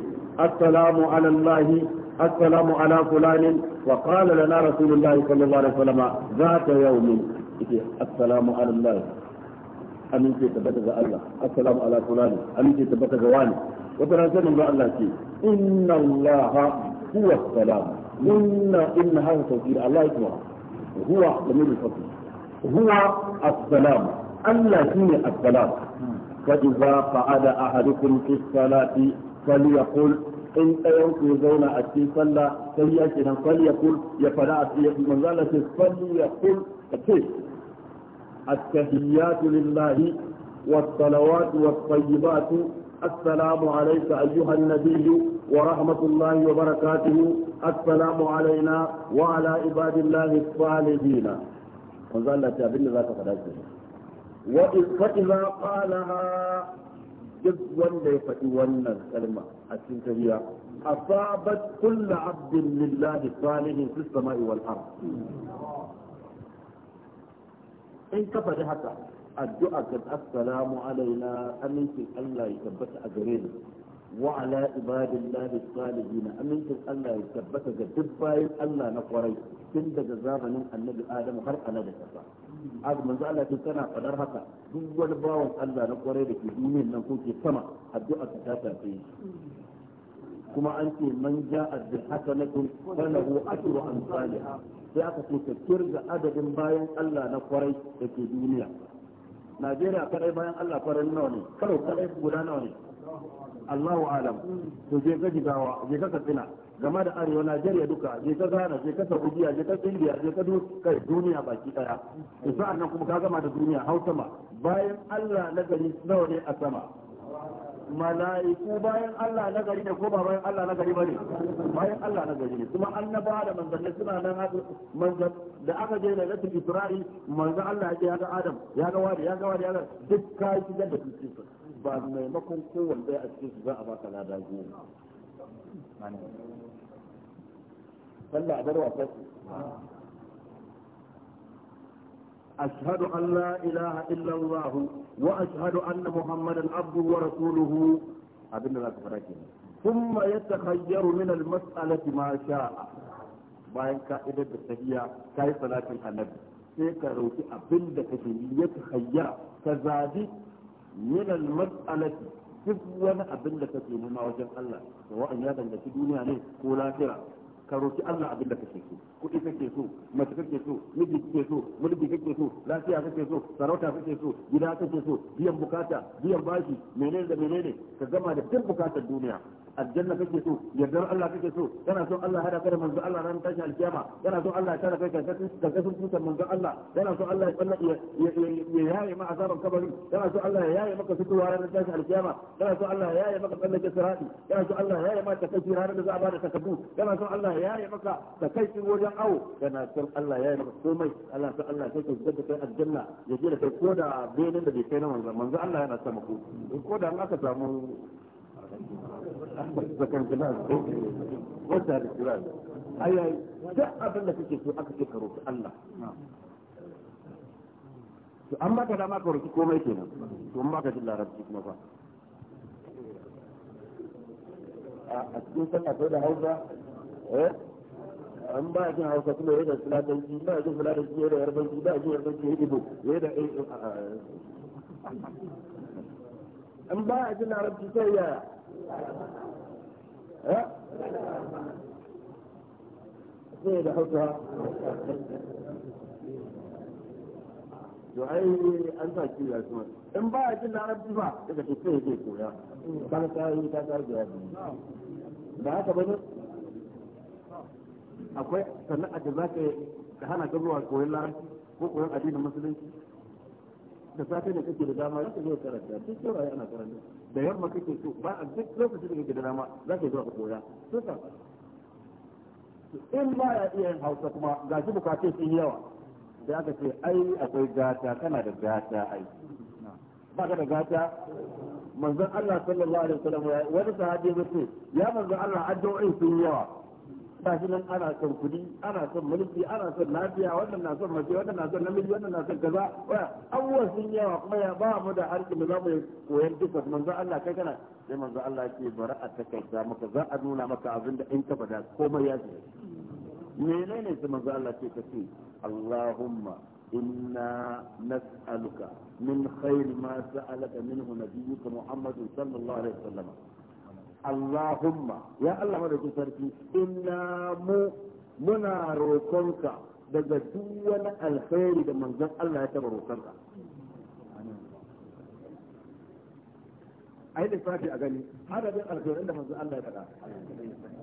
السلام على فلان وقال لنا رسول الله صلى الله عليه وسلم ذات يوم السلام على الله amince tabbata ga Allah assalamu ala fulani amince tabbata ga wani wata ran sai manzo Allah ce inna Allah huwa salam inna inna hadha tawfiq Allah yasma huwa lamir al-fadl huwa as-salam Allah shine as-salam fa idza qa'ada ahadukum fi as-salati falyaqul in ɗayan ku zauna a cikin sallah sai ya ce nan fal yakul ya fada a cikin manzo Allah ce fal yakul ce at-tahiyyatu lillahi was-salawatu was-tayyibatu السلام عليك أيها النبي ورحمة الله وبركاته السلام علينا وعلى عباد الله الصالحين وقال لك يا بني ذاك فإذا قالها duk wanda ya faɗi wannan kalma a cikin kariya asabat kullu abdin lillahi salihin fis sama'i wal ard in ka faɗi haka addu'a ka assalamu alaina amincin Allah ya tabbata a gare ni وعلى عباد الله الصالحين أمنتم الله يثبت جدباي الله نقري تند جزابا النبي آدم هر أنا جزابا هذا من زعل تسنى قدر هكا دول باون الله نقري لك bawan نقول في السماء الدعاء تتاتا فيه كما أنت من جاء بالحسنة فله أجر أمثالها sai aka ce ka kirga adadin bayan Allah na kwarai da ke duniya Najeriya kadai bayan Allah kwarai nawa ne karo kadai guda nawa ne Allahu alam to je ga jigawa je ka katsina game da arewa Najeriya duka je ka Ghana je ka Saudiya je ka India je ka kai duniya baki daya to sai nan kuma ka gama da duniya hausama bayan Allah na gari nawa ne a sama mala'iku bayan Allah na gari ne ko ba bayan Allah na gari bane bayan Allah na gari ne kuma annabawa da manzanni suna nan manzan da aka je lailatul isra'i manzo Allah ya ga Adam ya ga wani ya ga wani ya ga duk kai da dukkan su ba maimakon kowal ɗaya a cikin su za a baka lada أشهد أن لا إله إلا الله وأشهد أن محمدا عبده ورسوله أبن الله فرك ثم يتخير من المسألة ما شاء بين قائدة بالتهية كيف لكن النبي سيكروك أبن لك يتخير كذلك min al-mas'alati duk wani abin da kake nema wajen Allah sawa'an ya danganci duniya ne ko lafiya ka roki Allah abin da kake so kuɗi kake so mace kake so miji kake so mulki kake so lafiya kake so sarauta kake so gida kake so biyan bukata biyan bashi menene da menene ka gama da duk bukatar duniya aljanna kake so yardar Allah kake so kana son Allah hada ka da manzo Allah ran tashi alkiyama kana son Allah ya tara kai da kasu tutar manzo Allah kana son Allah ya tsalla ya ya ma azaban kabari kana son Allah ya yaye maka fitowa ran tashi alkiyama kana son Allah ya yaye maka tsallake sirati kana son Allah ya yaye maka kai ranar da za a bada takaddu kana son Allah ya yaye maka ka wajen awo kana son Allah ya yaye maka komai Allah ta Allah ya ka zuba kai aljanna ya je da kai ko da benin da bai kai na manzo manzo Allah yana sama ku ko da an aka samu zakar gilas ko wata da gilas ayayi duk abin da kake so aka ce ka Allah to amma ka dama ka roki komai kenan to amma ka ji larabci kuma fa a cikin sallah ko da hausa eh? an ba jin hausa kuma yadda fulatanci ba jin fulatanci yadda yarbanci ba jin yarbanci yadda ibo yadda eh, eh, an ba jin larabci sai yaya ها فين دعي انت كذا يا اسماء ان بقى كده عربي بقى كده كده كده يا كان كان كان جواب ba haka bane akwai sana'a da za ka ka ko koyon addinin musulunci da safe ne kake da dama za ka zo karanta duk yau ana karanta da yamma kake so ba a duk lokacin da kake da dama za ka zuwa ka koya suka in ba ya iya yin hausa kuma ga shi bukatun sun yawa da aka ce ai akwai gata kana da gata ai ba ka da gata manzon Allah sallallahu alaihi wasallam wani sahabi ya ce ya manzon Allah addu'o'in sun yawa gashi nan ana son kudi ana son mulki ana son lafiya wannan na son mace wannan na son namiji wannan na son kaza abubuwa sun yawa kuma ya ba mu da harkin da za mu koyan duka manzo Allah kai kana sai manzo Allah ke bara a takaita maka za a nuna maka abin da in ka bada komai ya ce menene sai manzo Allah ke kace Allahumma inna nas'aluka min khair ma sa'alaka minhu nabiyyuka Muhammad sallallahu alaihi wasallam اللهم يا الله مدد سرتي إنا مو منا روكنك دقا دون الخير دا منزل الله يتبع روكنك أين الفاتي أغني هذا دين الخير عند منزل الله يتبع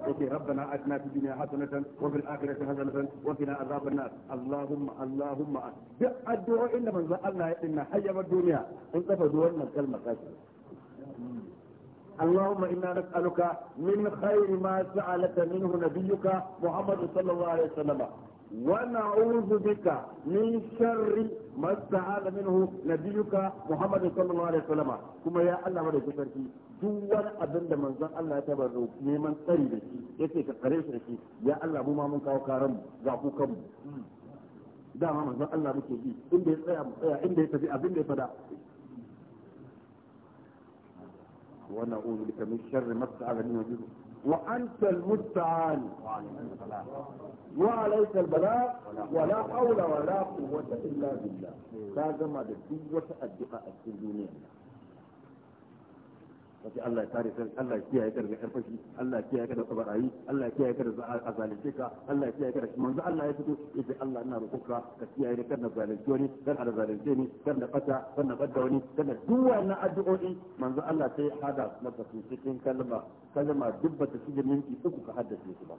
أوكي ربنا أتنا في الدنيا حسنة وفي الآخرة حسنة وفينا عذاب النار اللهم اللهم دقا دون إن منزل الله يتبع حيا الدنيا انتفى دون الكلمة خاسرة اللهم إنا نسألك من خير ما سألك منه نبيك محمد صلى الله عليه وسلم ونعوذ بك من شر ما استعاذ منه نبيك محمد صلى الله عليه وسلم كما يا الله ولك سركي دوان أبن من زن الله تبرو نيمان سري بشي يكي كقريش بشي يا الله مما ما من كاو كارم زعفو كم dama manzon Allah muke bi inda ya tsaya mu tsaya inda ya tafi abin da ya fada اقول لك من شر ما استعاذ منه جزء وأنت المستعان وعليك البلاء ولا حول ولا قوة إلا بالله هذا ما وتادق وتأدقى الدنيا kace Allah ya kare ka Allah ya kiyaye ka fashi Allah ya kiyaye Allah ya kiyaye ka Allah ya kiyaye manzo Allah ya fito yace Allah ina ka kiyaye ni kada zalunce wani kada da zalunce ni kada fata kada badda wani kada addu'o'i manzo Allah sai hada maka su cikin kalma kalma minti uku ka haddace su ba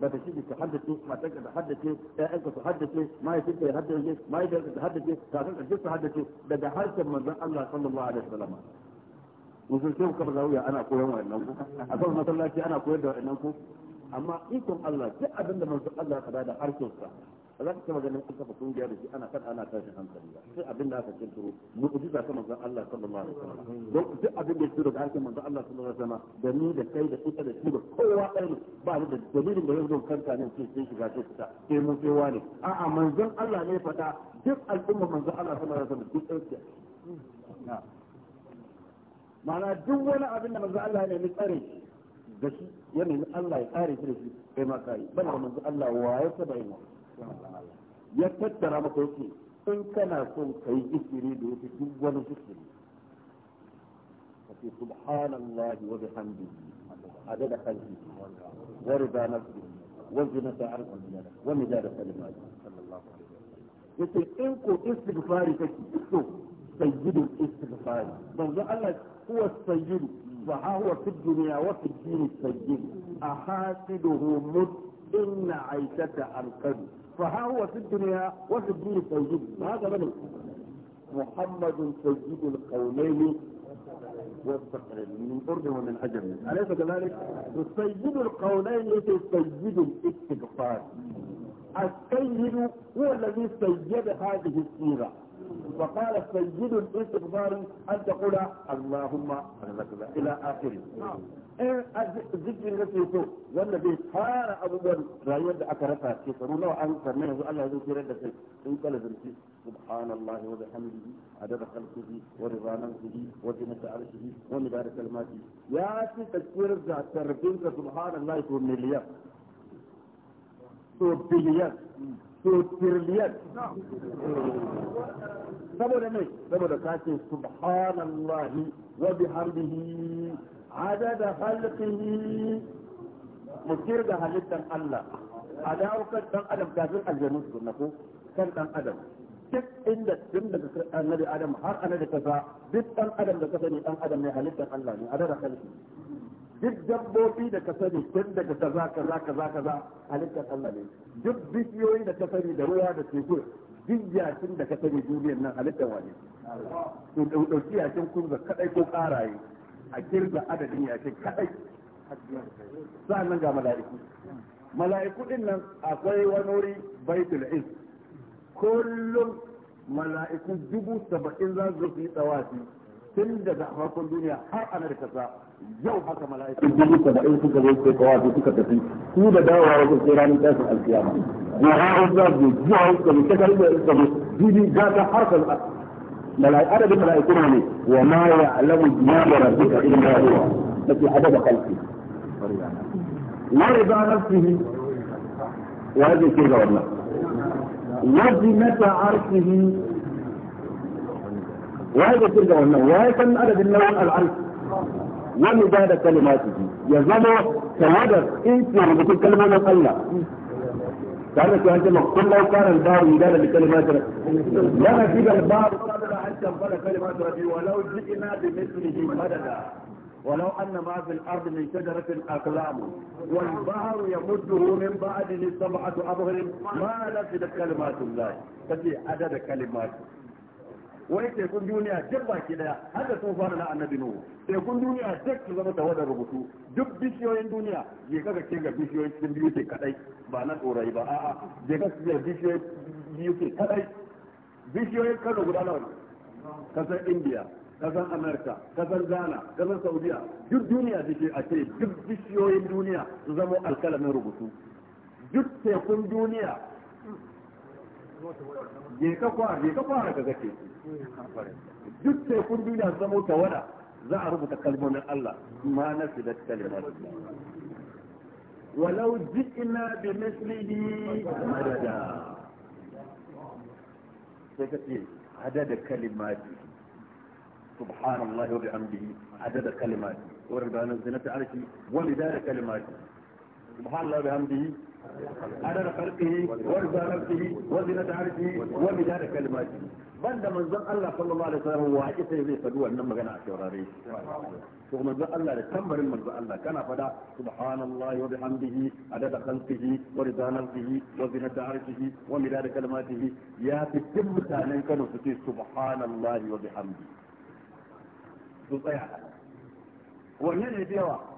ba ta ka haddace ta haddace su haddace ya haddace ta haddace haddace daga harshen manzon Allah sallallahu alaihi musul sai kuka zawiya ana koyon wa'annan ku a kan masallaci ana koyar da wa'annan ku amma ikon Allah duk abinda manzon Allah ka da harshen sa ba za ka ce maganin kun kafa kungiya da shi ana kan ana tashin hankali ba sai abin da aka kirkiro mu'jiza ta manzon Allah sallallahu alaihi wasallam don duk abin da yake daga harshen manzon Allah sallallahu alaihi wasallam da ni da kai da ita da shi da kowa ɗaya ba ni da dalilin da yanzu kanka ne sai sai shiga sai fita sai mun sai wani a'a manzon Allah ne fada duk al'umma manzon Allah sallallahu alaihi wasallam duk ɗaya ma'ana duk wani abin da manzo Allah ya nemi tsare da shi ya nemi Allah ya tsare shi da shi kai ma kai banda manzo Allah waye ta bayyana ya tattara maka yake in kana son kai isiri da yake duk wani zikiri kace subhanallahi wa bihamdihi adada qalbi wa rida nafsi wa zinata arshi wa midada kalimati sallallahu alaihi wasallam yace in ko istighfari kake to سيد الاستغفار قال لك هو السيد هو في الدنيا وفي الدين السيد أحاسده مد إن القدر أنقذ هو في الدنيا وفي الدين السيد هذا من محمد سيد القولين والتقريب من أردن ومن عجم أليس كذلك؟ السيد القولين سيد الاستغفار السيد هو الذي سيد هذه السيرة وقال سيد الاستغفار أن تقول اللهم إلى آخره in wanda bai fara abubuwan rayuwar da aka rasa shekaru nawa an sanna yanzu ya zikirar da kai in so tirliyan saboda mai saboda ka ce subhanallahi wa bihamdihi adada halqihi mutir da halittar Allah a dan adam kafin aljanu su na ko kan dan adam duk inda tun daga annabi adam har annabi kasa duk dan adam da ka sani dan adam ne halittan Allah ne adada halqihi duk dabbobi da ka sani tun daga kaza kaza kaza kaza halittan Allah ne duk bishiyoyi da kasari sani da ruwa da teku duk yashin da kasari sani duniyar nan halitta wane to dauki yashin kurza kadai ko karaye a kirga adadin yashin kadai nan ga mala'iku mala'iku din nan akwai wani wuri baitul is kullum mala'iku dubu saba'in za su yi tsawafi tun daga farkon duniya har ana da kasa yau haka mala'ika dubu saba'in suka zo suka kawo suka tafi su da dawowa wajen sai ranar tashin alkiyama ya ha'un za su zuwa suka zo shekaru da suka zo bibi gata harkar ملائكة عدد الملائكة يعني وما يعلم جناب ربك إلا هو التي عدد خلقه ورضا نفسه وهذه كذا والله وزنة عرشه وهذا كذا والله وهذا عدد النوم العرش wani ba da kalimatu ya zama tawadar tsinci rubutun kalmomin Allah tare da cewa ma kullum karan babu da da kalimatu la na fi gal babu sadara hatta bala kalimatu rabbi walau ji'na bi mithlihi madada ولو أن ما في الأرض من شجرة أقلام والبحر يمده من بعده سبعة أبهر ما نفدت كلمات الله تجي عدد كلمات wai tekun duniya duk baki daya har da fara na annabi nuhu tekun duniya duk su zama tawada rubutu duk bishiyoyin duniya je kaga ke ga bishiyoyin cikin biyu ke kadai ba na tsorai ba a'a je ka ga bishiyoyin biyu ke kadai bishiyoyin kano guda nawa kasar indiya kasar amerika kasar ghana kasar saudiya duk duniya take a ce duk bishiyoyin duniya su zama alkalamin rubutu duk tekun duniya je ka kwara je ka kwara duk tekun duniya zamo tawada za a rubuta kalmomin Allah ma na su da kalmar walau ji'ina bi mislihi madada sai ka ce adada kalimati subhanallahi wa bihamdihi adada kalimati wa rabbana zinata arshi wa lidada kalimati subhanallahi wa bihamdihi adar farqihi wa rida nafsihi wa zinata arshihi wa midada kalimatihi banda manzon Allah sallallahu alaihi wasallam wa ake sai zai faɗi wannan magana a saurare to manzon Allah da tambarin manzon Allah kana fada subhanallahi wa bihamdihi adada khalqihi wa rida nafsihi wa zinata arshihi wa midada kalimatihi ya fi duk mutanen Kano su ce subhanallahi wa bihamdihi su tsaya wannan ne da yawa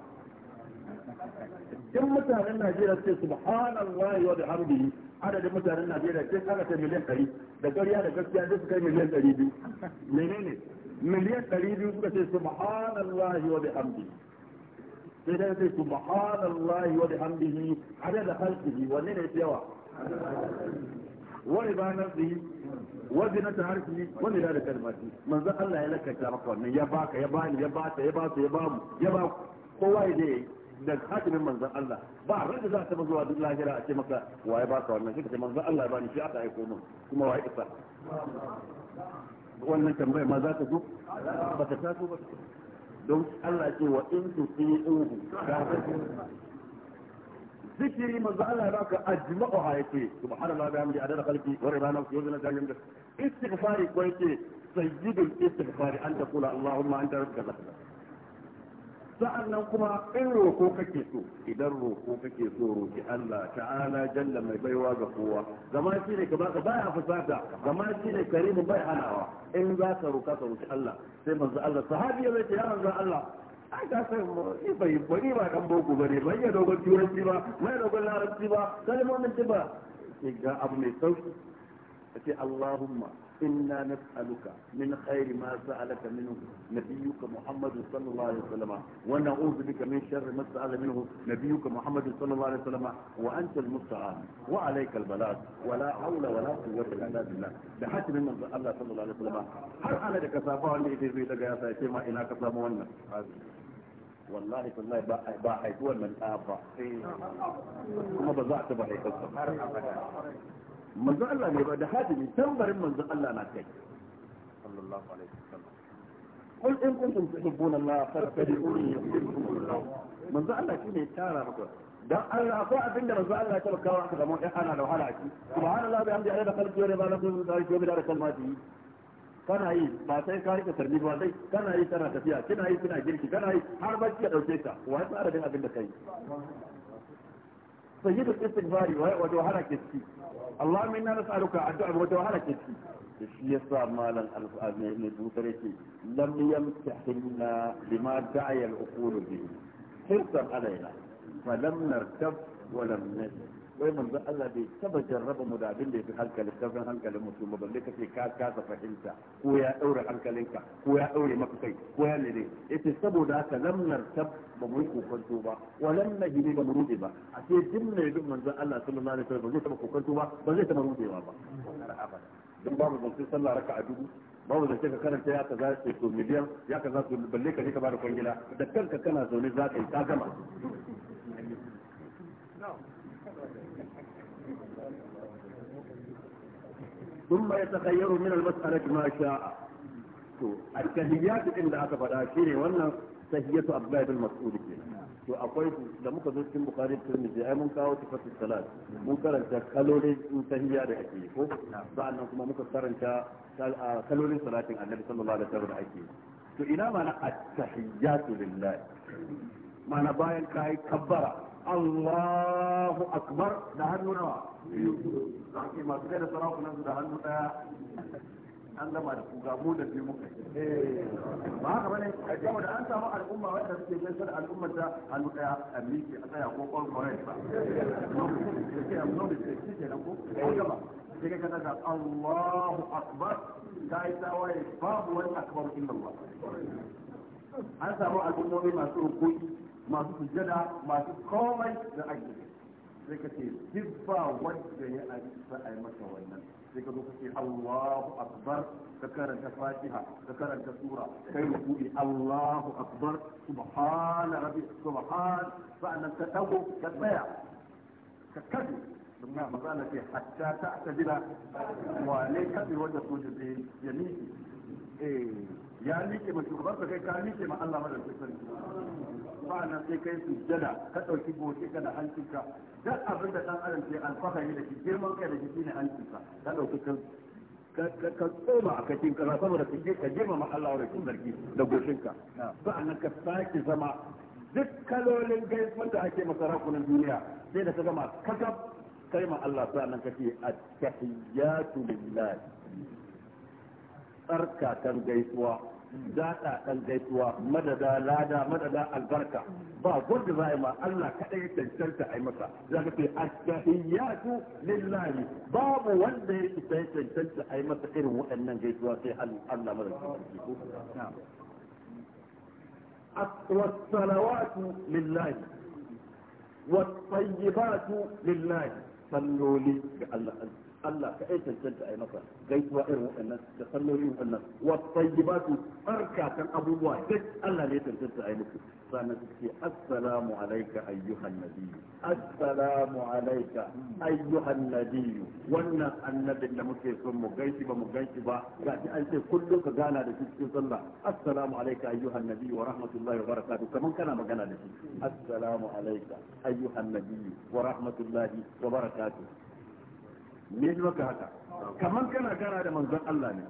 in mutanen Najeriya ce subhanallahi wa bihamdi adadin mutanen Najeriya ce aka ta miliyan 100 da gariya da gaskiya duk kai miliyan 200 menene miliyan 200 suka ce subhanallahi wa bihamdi sai dai sai subhanallahi wa bihamdihi adadin halqihi wanne ne yawa wani ba wa ibanatihi wa zinata harfi da da kalmati manzan Allah ya lakanta maka wannan ya baka ya bani ya bata ya bata ya bamu ya ba kowa ya dai da hatimin manzan Allah ba ran da za ta zuwa duk lahira a ce maka waye ba ka wannan kika manzan Allah ba ni shi aka aiko mun kuma waye isa wannan tambaya ma za ka zo ba ta taso ba don Allah ce wa in tusi'uhu ذكري من ذا الله راك أجمعها يكي سبحان الله بحمدي عدد خلقي وربانا وسيوزنا جاهم استغفاري كويتي سيد الاستغفار أن تقول اللهم أنت ربك الأخلاق nan kuma in roko kake so idan roko kake so roƙi Allah ta'ala jalla mai baiwa ga kowa zama shi ne ka baka baya fusata zama shi ne karimu bai hanawa in za ka roƙa ka roƙi Allah sai manzo Allah sahabi ya ce yaran manzo Allah ai ka san ni bai bari ba dan boko bane ban ya dogon turanci ba mai dogon larabci ba kalmomin ba ga abu mai sauki ce Allahumma إنا نسألك من خير ما سألك منه نبيك محمد صلى الله عليه وسلم ونعوذ بك من شر ما سأل منه نبيك محمد صلى الله عليه وسلم وأنت المستعان وعليك البلاغ ولا حول ولا قوة إلا بالله da hatimin manzon Allah sallallahu alaihi wasallam har ana ina ka samu wannan wallahi wallahi ba ba manzo Allah ne ba da hatimi tambarin manzo Allah na kai sallallahu alaihi wasallam kul in kuntum tuhibbuna Allah فاتبعوني yuhibbukum Allah من ذا ya tara يتارى dan Allah ko abin da manzo Allah ya taba kawo aka zama in ana da wahala a ciki subhanallahi bi hamdi da khalqi wa la ilaha da huwa bi kalmati kana yi ba sai ka rika tarbi ba dai kana yi kana tafiya kina yi kina girki kana yi har bacci ya dauke ka wa tsara din abin da kai سيد الاستغفار وجوهر كتي الله منا نسألك أن تعب وجوهر كتي الشيء صار مالا من بوتريتي لم يمتحنا لما دعي العقول به حرصا علينا فلم نرتب ولم نجد wai manzo Allah bai taba jarraba mu da abin da yafi hankalin ka san hankalin mutum ba balle kace ka kasa fahimta ko ya daure hankalinka ko ya daure maka kai ko ya ne yace saboda haka lam nartab ba mu kokonto ba wa lam najri ba mu ba a ce din ne duk manzo Allah sallallahu alaihi wasallam ba zai taba kokonto ba ba zai taba rudewa ba dan babu zance sallah a dubu babu zance ka karanta ya kaza ce to miliyan ya kaza to balle ka je ka bada kwangila da kanka kana zaune za ka yi ka gama ثم يتخير من المسألة ما شاء الكهيات عند أتبع الأشير وأن تهية أبناء المسؤول كنا تو أقول لما كذب كم بخاري كلمة زي أمم كاو تفتح الصلاة ممكن أن تخلو لي تهية رأيتي فو بعد نقوم ممكن كارن آه، كا خلو لي صلاة النبي صلى الله عليه وسلم رأيتي تو إلى ما التحيات لله ما نباين كاي كبره Allahu akbar da hannu nawa zaki masu kai da sarakunan su da hannu daya an gama da kuga mu da biyu muka eh. ba haka bane saboda an samu al'umma wanda suke gaisar da al'umma ta hannu daya a miki a tsaya ko kon kore ba sai am no mistake sai kenan ko an sai ka daga Allahu akbar kai tawaye babu wani akbar illa Allah an samu al'ummomi masu rukuni masu sujjada masu komai da ajiye sai ka ce duk ba wanda ya ajiye a yi masa wannan sai ka zo ka ce Allahu akbar ka karanta Fatiha ka karanta sura kai ruku'i Allahu akbar subhana rabbi subhan sa'annan ka dago ka tsaya ka kaje ثم مقالة حتى تعتدل وعليه كبير وجه وجه يمينه إيه ya nike ma shugaban kai ka nike ma Allah madar kai sani ba na sai kai sujjada ka dauki goshi ka da hancinka duk abin da dan adam ke alfahari da shi girman kai da shi ne hancinka ka dauki kan ka tsoma a kakin kasa saboda ka je ka jima ma Allah wa kin zargi da goshinka sa'annan ka sake zama duk kalolin gaisuwar da ake masa rakunan duniya sai da ka gama kakaf kai ma Allah sa'annan ka ce at-tahiyatu lillahi tsarkakan gaisuwa data dan gaisuwa madada lada madada albarka ba wanda za a yi ma Allah kaɗai cancanta a yi masa za ka ce astahiyatu lillahi babu wanda ya isa ya cancanta a yi masa irin waɗannan gaisuwa sai Allah mara والصلوات لله والطيبات لله صلوا لي الله Allah ka aita cancanta a yi masa gaisuwa irin waɗannan da sallolin waɗannan wasan yi ba su tsarkakan abubuwa duk Allah ne cancanta a yi musu sannan su ce assalamu alaika ayyuhan nabiyyu assalamu alaika ayyuhan nabiyyu wannan annabin da muke son mu gaishe ba mu gaishe ba ga shi an ce kullum ka gana da shi cikin sallah assalamu alaika ayyuhan nabiyyu wa rahmatullahi wa barakatuh kaman kana magana da shi assalamu alaika ayyuhan nabiyyu wa rahmatullahi wa barakatuh me yaji maka haka kaman kana kara da manzon Allah ne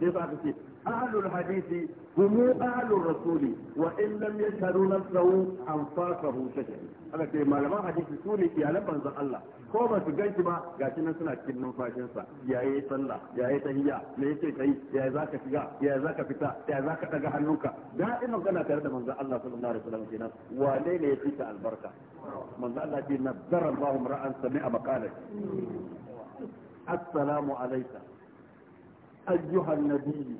sai ba ka ce ahlul hadisi hum ahlur rasuli wa in lam yashhadu nafsahu anfasahu shajara aka ce malaman hadisi su ne iyalan manzon Allah ko ba su ganki ba gashi nan suna cikin numfashin sa yayi sallah yayi tahiyya me yake kai ya zaka shiga ya zaka fita ya zaka daga hannunka da'iman kana tare da manzon Allah sallallahu alaihi wasallam kenan wane ne ya fita albarka manzon Allah ce nazzara Allahu ra'an sami'a maqalati assalamu alaika ayyuhan nabiyyi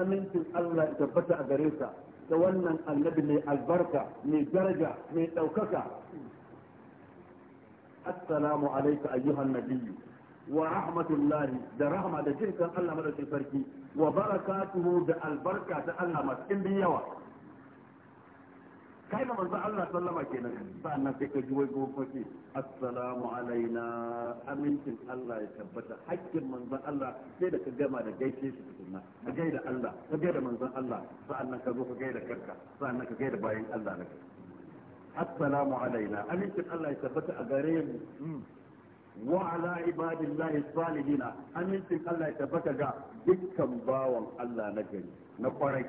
amincin Allah tabbata a gare ka da wannan annabi mai albarka mai daraja mai ɗaukaka assalamu alaika ayyuhan nabiyyu wa rahmatullahi da rahma da jinkan Allah madaukakin farki wa barakatuhu da albarka ta Allah masu ɗimbin yawa kai ma manzo Allah sallama kenan sa'annan sai ka ji wai gofofi assalamu alaina amincin Allah ya tabbata hakkin manzo Allah sai da ka gama da gaishe shi tukunna ka gaida Allah ka gaida manzo Allah sa'annan ka zo ka gaida karka sa'annan ka gaida bayan Allah na assalamu alaina amincin Allah ya tabbata a gare mu hmm. wa ala ibadillahi salihina amincin Allah ya tabbata ga dukkan bawan Allah na gari na kwarai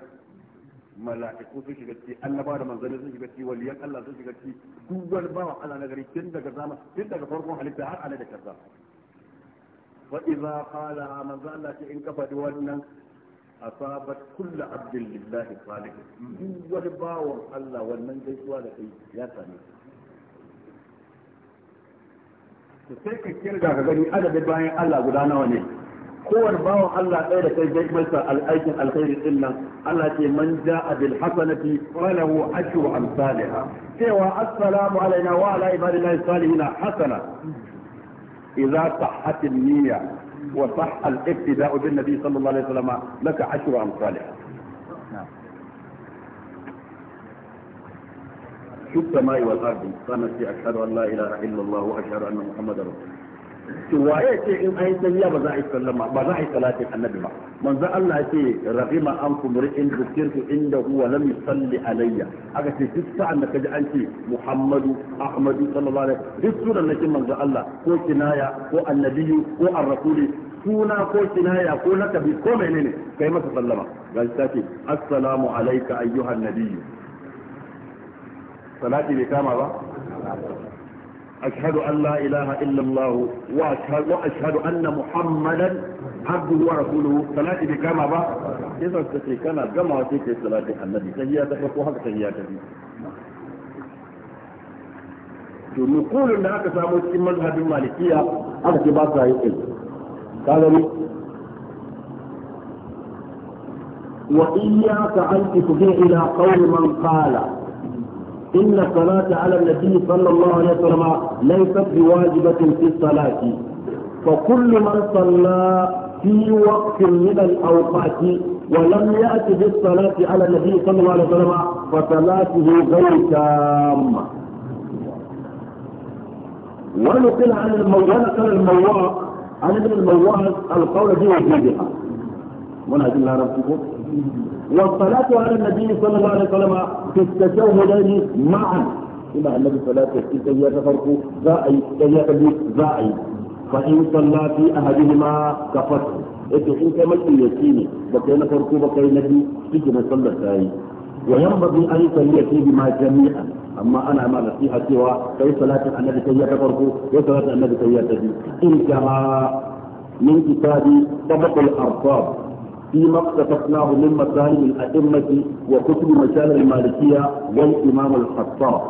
mala'iku sun shiga ciki annaba da manzanni sun shiga ciki waliyan Allah sun shiga ciki duk wani bawan Allah na gari tun daga zama tun daga farkon halitta har ala da kaza wa idza qala manzo Allah ce in kafa wannan asabat kullu abdin lillahi salih duk wani bawan Allah wannan gaisuwa da kai ya same shi sai ka kirga ka gani adadin bayan Allah guda nawa ne kowar bawan Allah ɗaya da kai zai masa al'aikin alkhairi illa Allah ce man ja'a bil hasanati wa falahu ashru amsalha cewa assalamu alaina wa ala ibadillahi salihina hasana idza sahhat al niyya wa sah al-ibtida'u bin nabi sallallahu alaihi wasallam laka ashru amsalha في السماء والأرض قامت أشهد أن لا إله إلا الله وأشهد أن محمدا رسول الله to waye ce in an yi tahiya ba za a yi sallama ba za a yi salatin annabi ba manzo Allah ya ce rahima an kumri in zikirtu inda huwa lam yusalli alayya aka ce duk sa'an da kaji an ce Muhammadu Ahmadu sallallahu alaihi wasallam duk sunan nake manzo Allah ko kinaya ko annabiyu ko ar-rasuli suna ko kinaya ko lakabi ko menene kai masa sallama ga ta ce assalamu alayka ayyuhan nabiyyu salati bai kama ba أشهد أن لا إله إلا الله وأشهد, وأشهد أن محمدا عبده ورسوله صلاة بكما با إذا استطيع كان جمع فيك صلاة النبي سهية تخلق وحق سهية تخلق نقول أن هذا سامو في مذهب المالكية على كبار سائل قال لي وإياك أن تفضي إلى قول من قال إن الصلاة على النبي صلى الله عليه وسلم ليست بواجبة في الصلاة فكل من صلى في وقت من الأوقات ولم يأت بالصلاة على النبي صلى الله عليه وسلم فصلاته غير تامة ونقل عن المواق عن ابن المواق القول بوجودها منهج الله ربكم والصلاة على النبي صلى الله عليه وسلم في التشهد معا إما أن عليه وسلم تفرق ذائي تهي تبيك ذائي فإن صلى في أهدهما كفت إذا إن كما تيسيني بكين فرقو بكي نبي تجن صلى ساي وينبغي أن تليسي بما جميعا أما أنا ما نصيحة سوى في صلاة النبي تهي تفرق وصلاة النبي تهي تبيك إن كما من كتاب طبق الأرصاد فيما اقتطفناه من مسالم الأئمة وكتب مسائل المالكية والإمام الخطاب.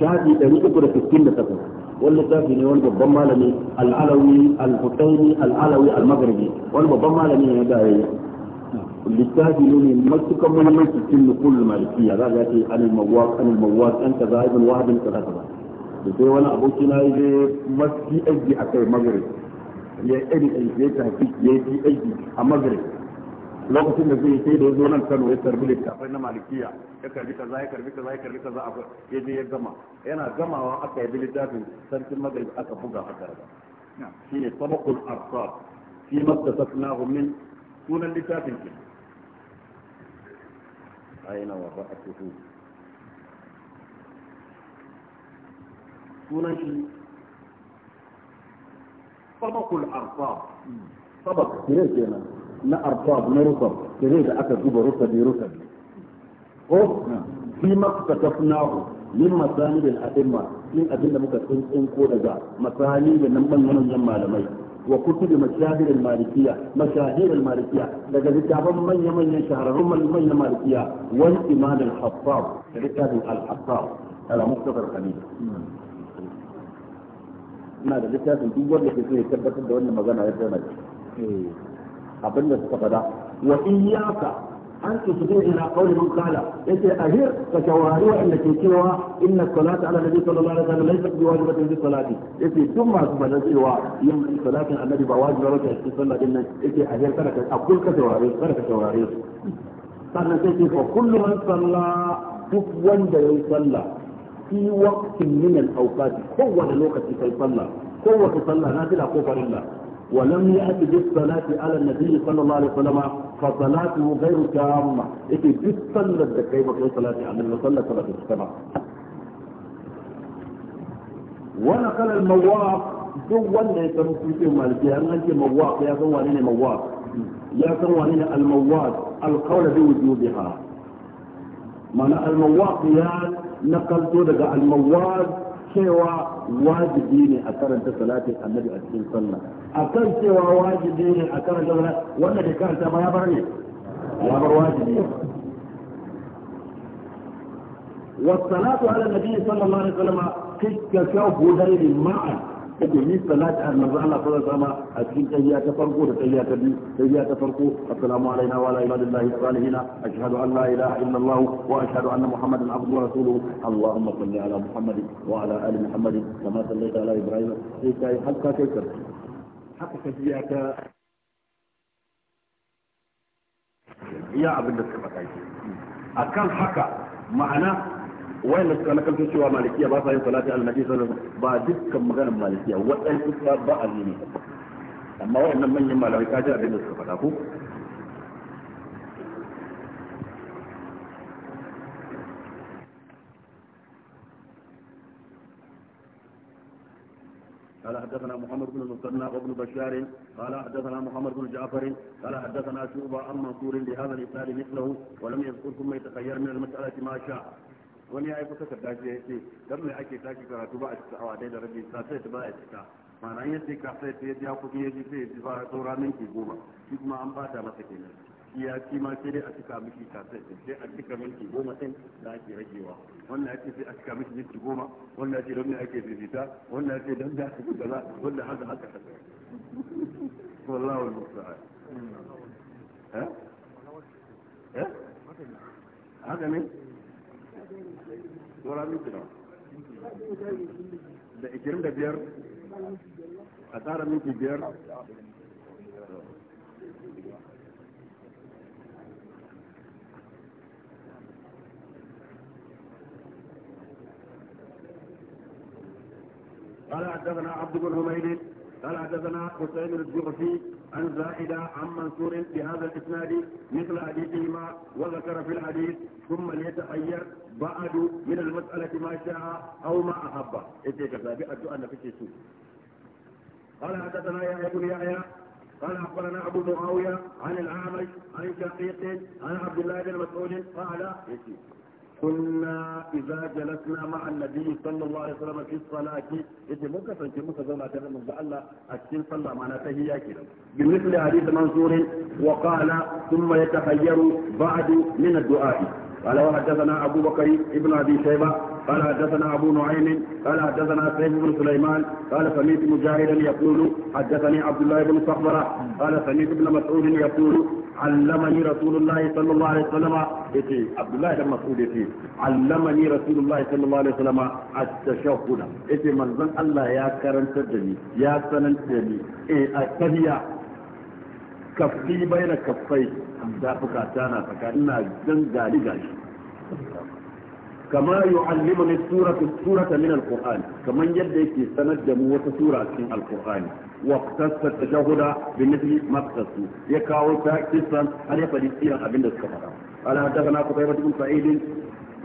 شادي أريد أقول لك الكلمة تقول والله كافي نيوان بضم العلوي الحسيني العلوي المغربي والله بضم هذا هي بالتالي يوني ما تكمل من تكمل كل المالكية لا يأتي عن المواد عن المواد أنت ذاهب ابن واحد كذا كذا بس هو أنا أبو تنايجي ما في أجي أكل المغرب ya ya tafi ya yi aiki a lokacin da zai sai da zo nan Kano ya na malikiya ya karbi kaza ya karbi ya karbi ya je ya gama yana gamawa aka yi littafin sarkin magrib aka buga shi ne sabakul fi min sunan littafin ki aina wa sunan shi طبق الأرصاب طبق كده كده لا أرصاب لا رطب كده أكا جوب رطبي رطبي نعم. فيما اقتطفناه من مساند الأئمة من أدلة مكتبين إن كودا مساند نمبر من المعلمين وكتب مشاهير المالكية مشاهير المالكية لقد كتاب من يمن شهرهم من المالكية والإمام الحطاب كتاب الحطاب على مختصر قليل نعم. suna da littafin duk wanda ke so ya tabbatar da wannan magana ya tana shi abin da suka faɗa wa yaka an tusbi ila qawli man qala yace ahir ka shawari wa inda ke cewa inna salata ala nabi sallallahu alaihi wasallam laysa bi wajibatin bi salati yace duk masu faɗa cewa yin salatin annabi ba wajibi ba ce sallah din nan yace ahir kada ka akul ka shawari kada ka shawari sannan sai ce fa kullu man salla duk wanda yayi sallah في وقت من الأوقات هو الوقت هو في صلى نازل قوة لله ولم يأت بالصلاة على النبي صلى الله عليه وسلم فصلاته غير تامة إذا بالصلاة كيف في صلاة على النبي صلى الله عليه وسلم ونقل المواق duk wanda في مالكيه kuke انت مواق يا ce مواق يا san المواق القول بوجودها ya san wane nakalto daga almawaz cewa wajibi ne a karanta salatin annabi a cikin sallah a kan cewa wajibi ne a karanta wanda da karanta ma ya bar ne ya bar wajibi والصلاة على النبي صلى الله عليه وسلم تلك كهدين معا take ni salati har manzo Allah sallallahu alaihi wasallam a cikin tayya ta farko da tayya ta biyu tayya ta farko assalamu alaina wa ala ibadillahi salihin ashhadu an la ilaha illa Allah wa ashhadu anna muhammadan abduhu wa rasuluhu allahumma salli ala muhammad wa ala ali muhammad kama sallaita ala ibrahim sai kai hakka kai haka tayya ta iya abin da suka faɗa akan haka ma'ana wayanda suka nakalto cewa malikiya ba sa yin salati annabi sallallahu alaihi wasallam ba dukkan maganar malikiya wadan kusa ba a ne amma wayannan manyan malamai kaji abin da suka faɗa ko قال حدثنا محمد بن المثنى وابن بشار قال حدثنا محمد بن جعفر قال حدثنا شعبة عن منصور بهذا الاسناد مثله ولم يذكر ثم يتخير من المسألة ما شاء wani ya yi kusa ka dace ya ce dan mai ake tashi karatu ba a cika awa dai da rabi sa sai ta ba a cika ma'ana ya ce ka sai ta ya kuɗi ya ji sai ya ji ba goma shi kuma an bata masa kenan shi ya ci ma sai dai a cika miki ka sai sai a cika goma da ake ragewa wannan ya ce sai a cika miki goma wannan ya ce ake fifita wannan ya ce da haka haka tsora minti nawa da ishirin da biyar a tsara minti biyar قال حدثنا عبد بن حميد قال حدثنا حسين الجعفي عن زائدة عن منصور بهذا الإسناد مثل حديثهما وذكر في الحديث ثم ليتخير بعد من المسألة ما شاء أو ما أحب إذا كذا أرجو أن في سوء قال حدثنا يا ابن يحيى قال اخبرنا ابو معاويه عن الاعمش عن شقيق عن عبد الله بن مسعود قال كنا إذا جلسنا مع النبي صلى الله عليه وسلم في الصلاة يجي ممكن تنكي موسى زونا تنم الله أكثر صلى معنا تهيا كده بمثل حديث منصور وقال ثم يتخير بعد من الدعاء قال وحدثنا أبو بكر ابن أبي شيبة قال حدثنا أبو نعيم قال حدثنا سيف بن سليمان قال سميت مجاهدا يقول حدثني عبد الله بن صخرة قال سميت بن مسعود يقول علمني رسول الله صلى الله عليه وسلم يتي عبد الله بن مسعود يتي علمني رسول الله صلى الله عليه وسلم التشهد يتي من الله يا كرنت دني يا سننت دني إيه أتبيا kaffi bai na kaffai da fuka tana tsakanin na jan gari gashi kama yu'allimuni suratu surata min alquran kaman yadda yake sanar da mu wata sura cikin alqurani wa qasasa tajahuda bi mithli ya kawo ta kisan har ya fadi tsiran abin da suka fara ala hadathana qutaybah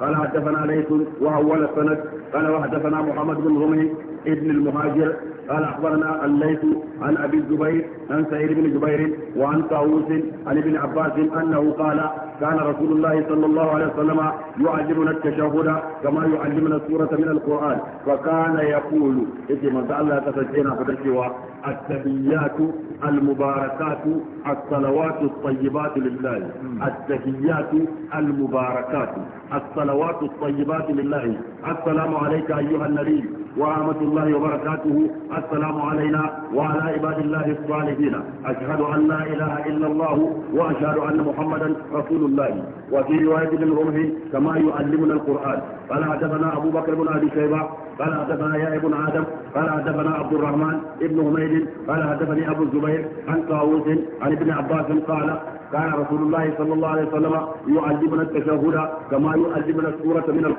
قال حدثنا ليث وهو السند قال وحدثنا محمد بن رمي ابن المهاجر قال اخبرنا الليث عن ابي الزبير عن سعيد بن جبير وعن طاووس عن ابن عباس انه قال كان رسول الله صلى الله عليه وسلم يعلمنا التشهد كما يعلمنا السوره من القران فكان يقول اذا ما الله تسجينا فتشوا التحيات المباركات الصلوات الطيبات لله التحيات المباركات الصلوات الطيبات لله السلام عليك أيها النبي ورحمة الله وبركاته السلام علينا وعلى عباد الله الصالحين أشهد أن لا إله إلا الله وأشهد أن محمدا رسول الله وفي رواية للرمح كما يعلمنا القرآن قال حدثنا أبو بكر بن أبي شيبة قال حدثنا يا ابن آدم قال حدثنا عبد الرحمن ابن حميد قال حدثني أبو الزبير عن طاووس عن ابن عباس قال كان رسول الله صلى الله عليه وسلم يعلمنا التشهد كما يعلمنا السورة من القرآن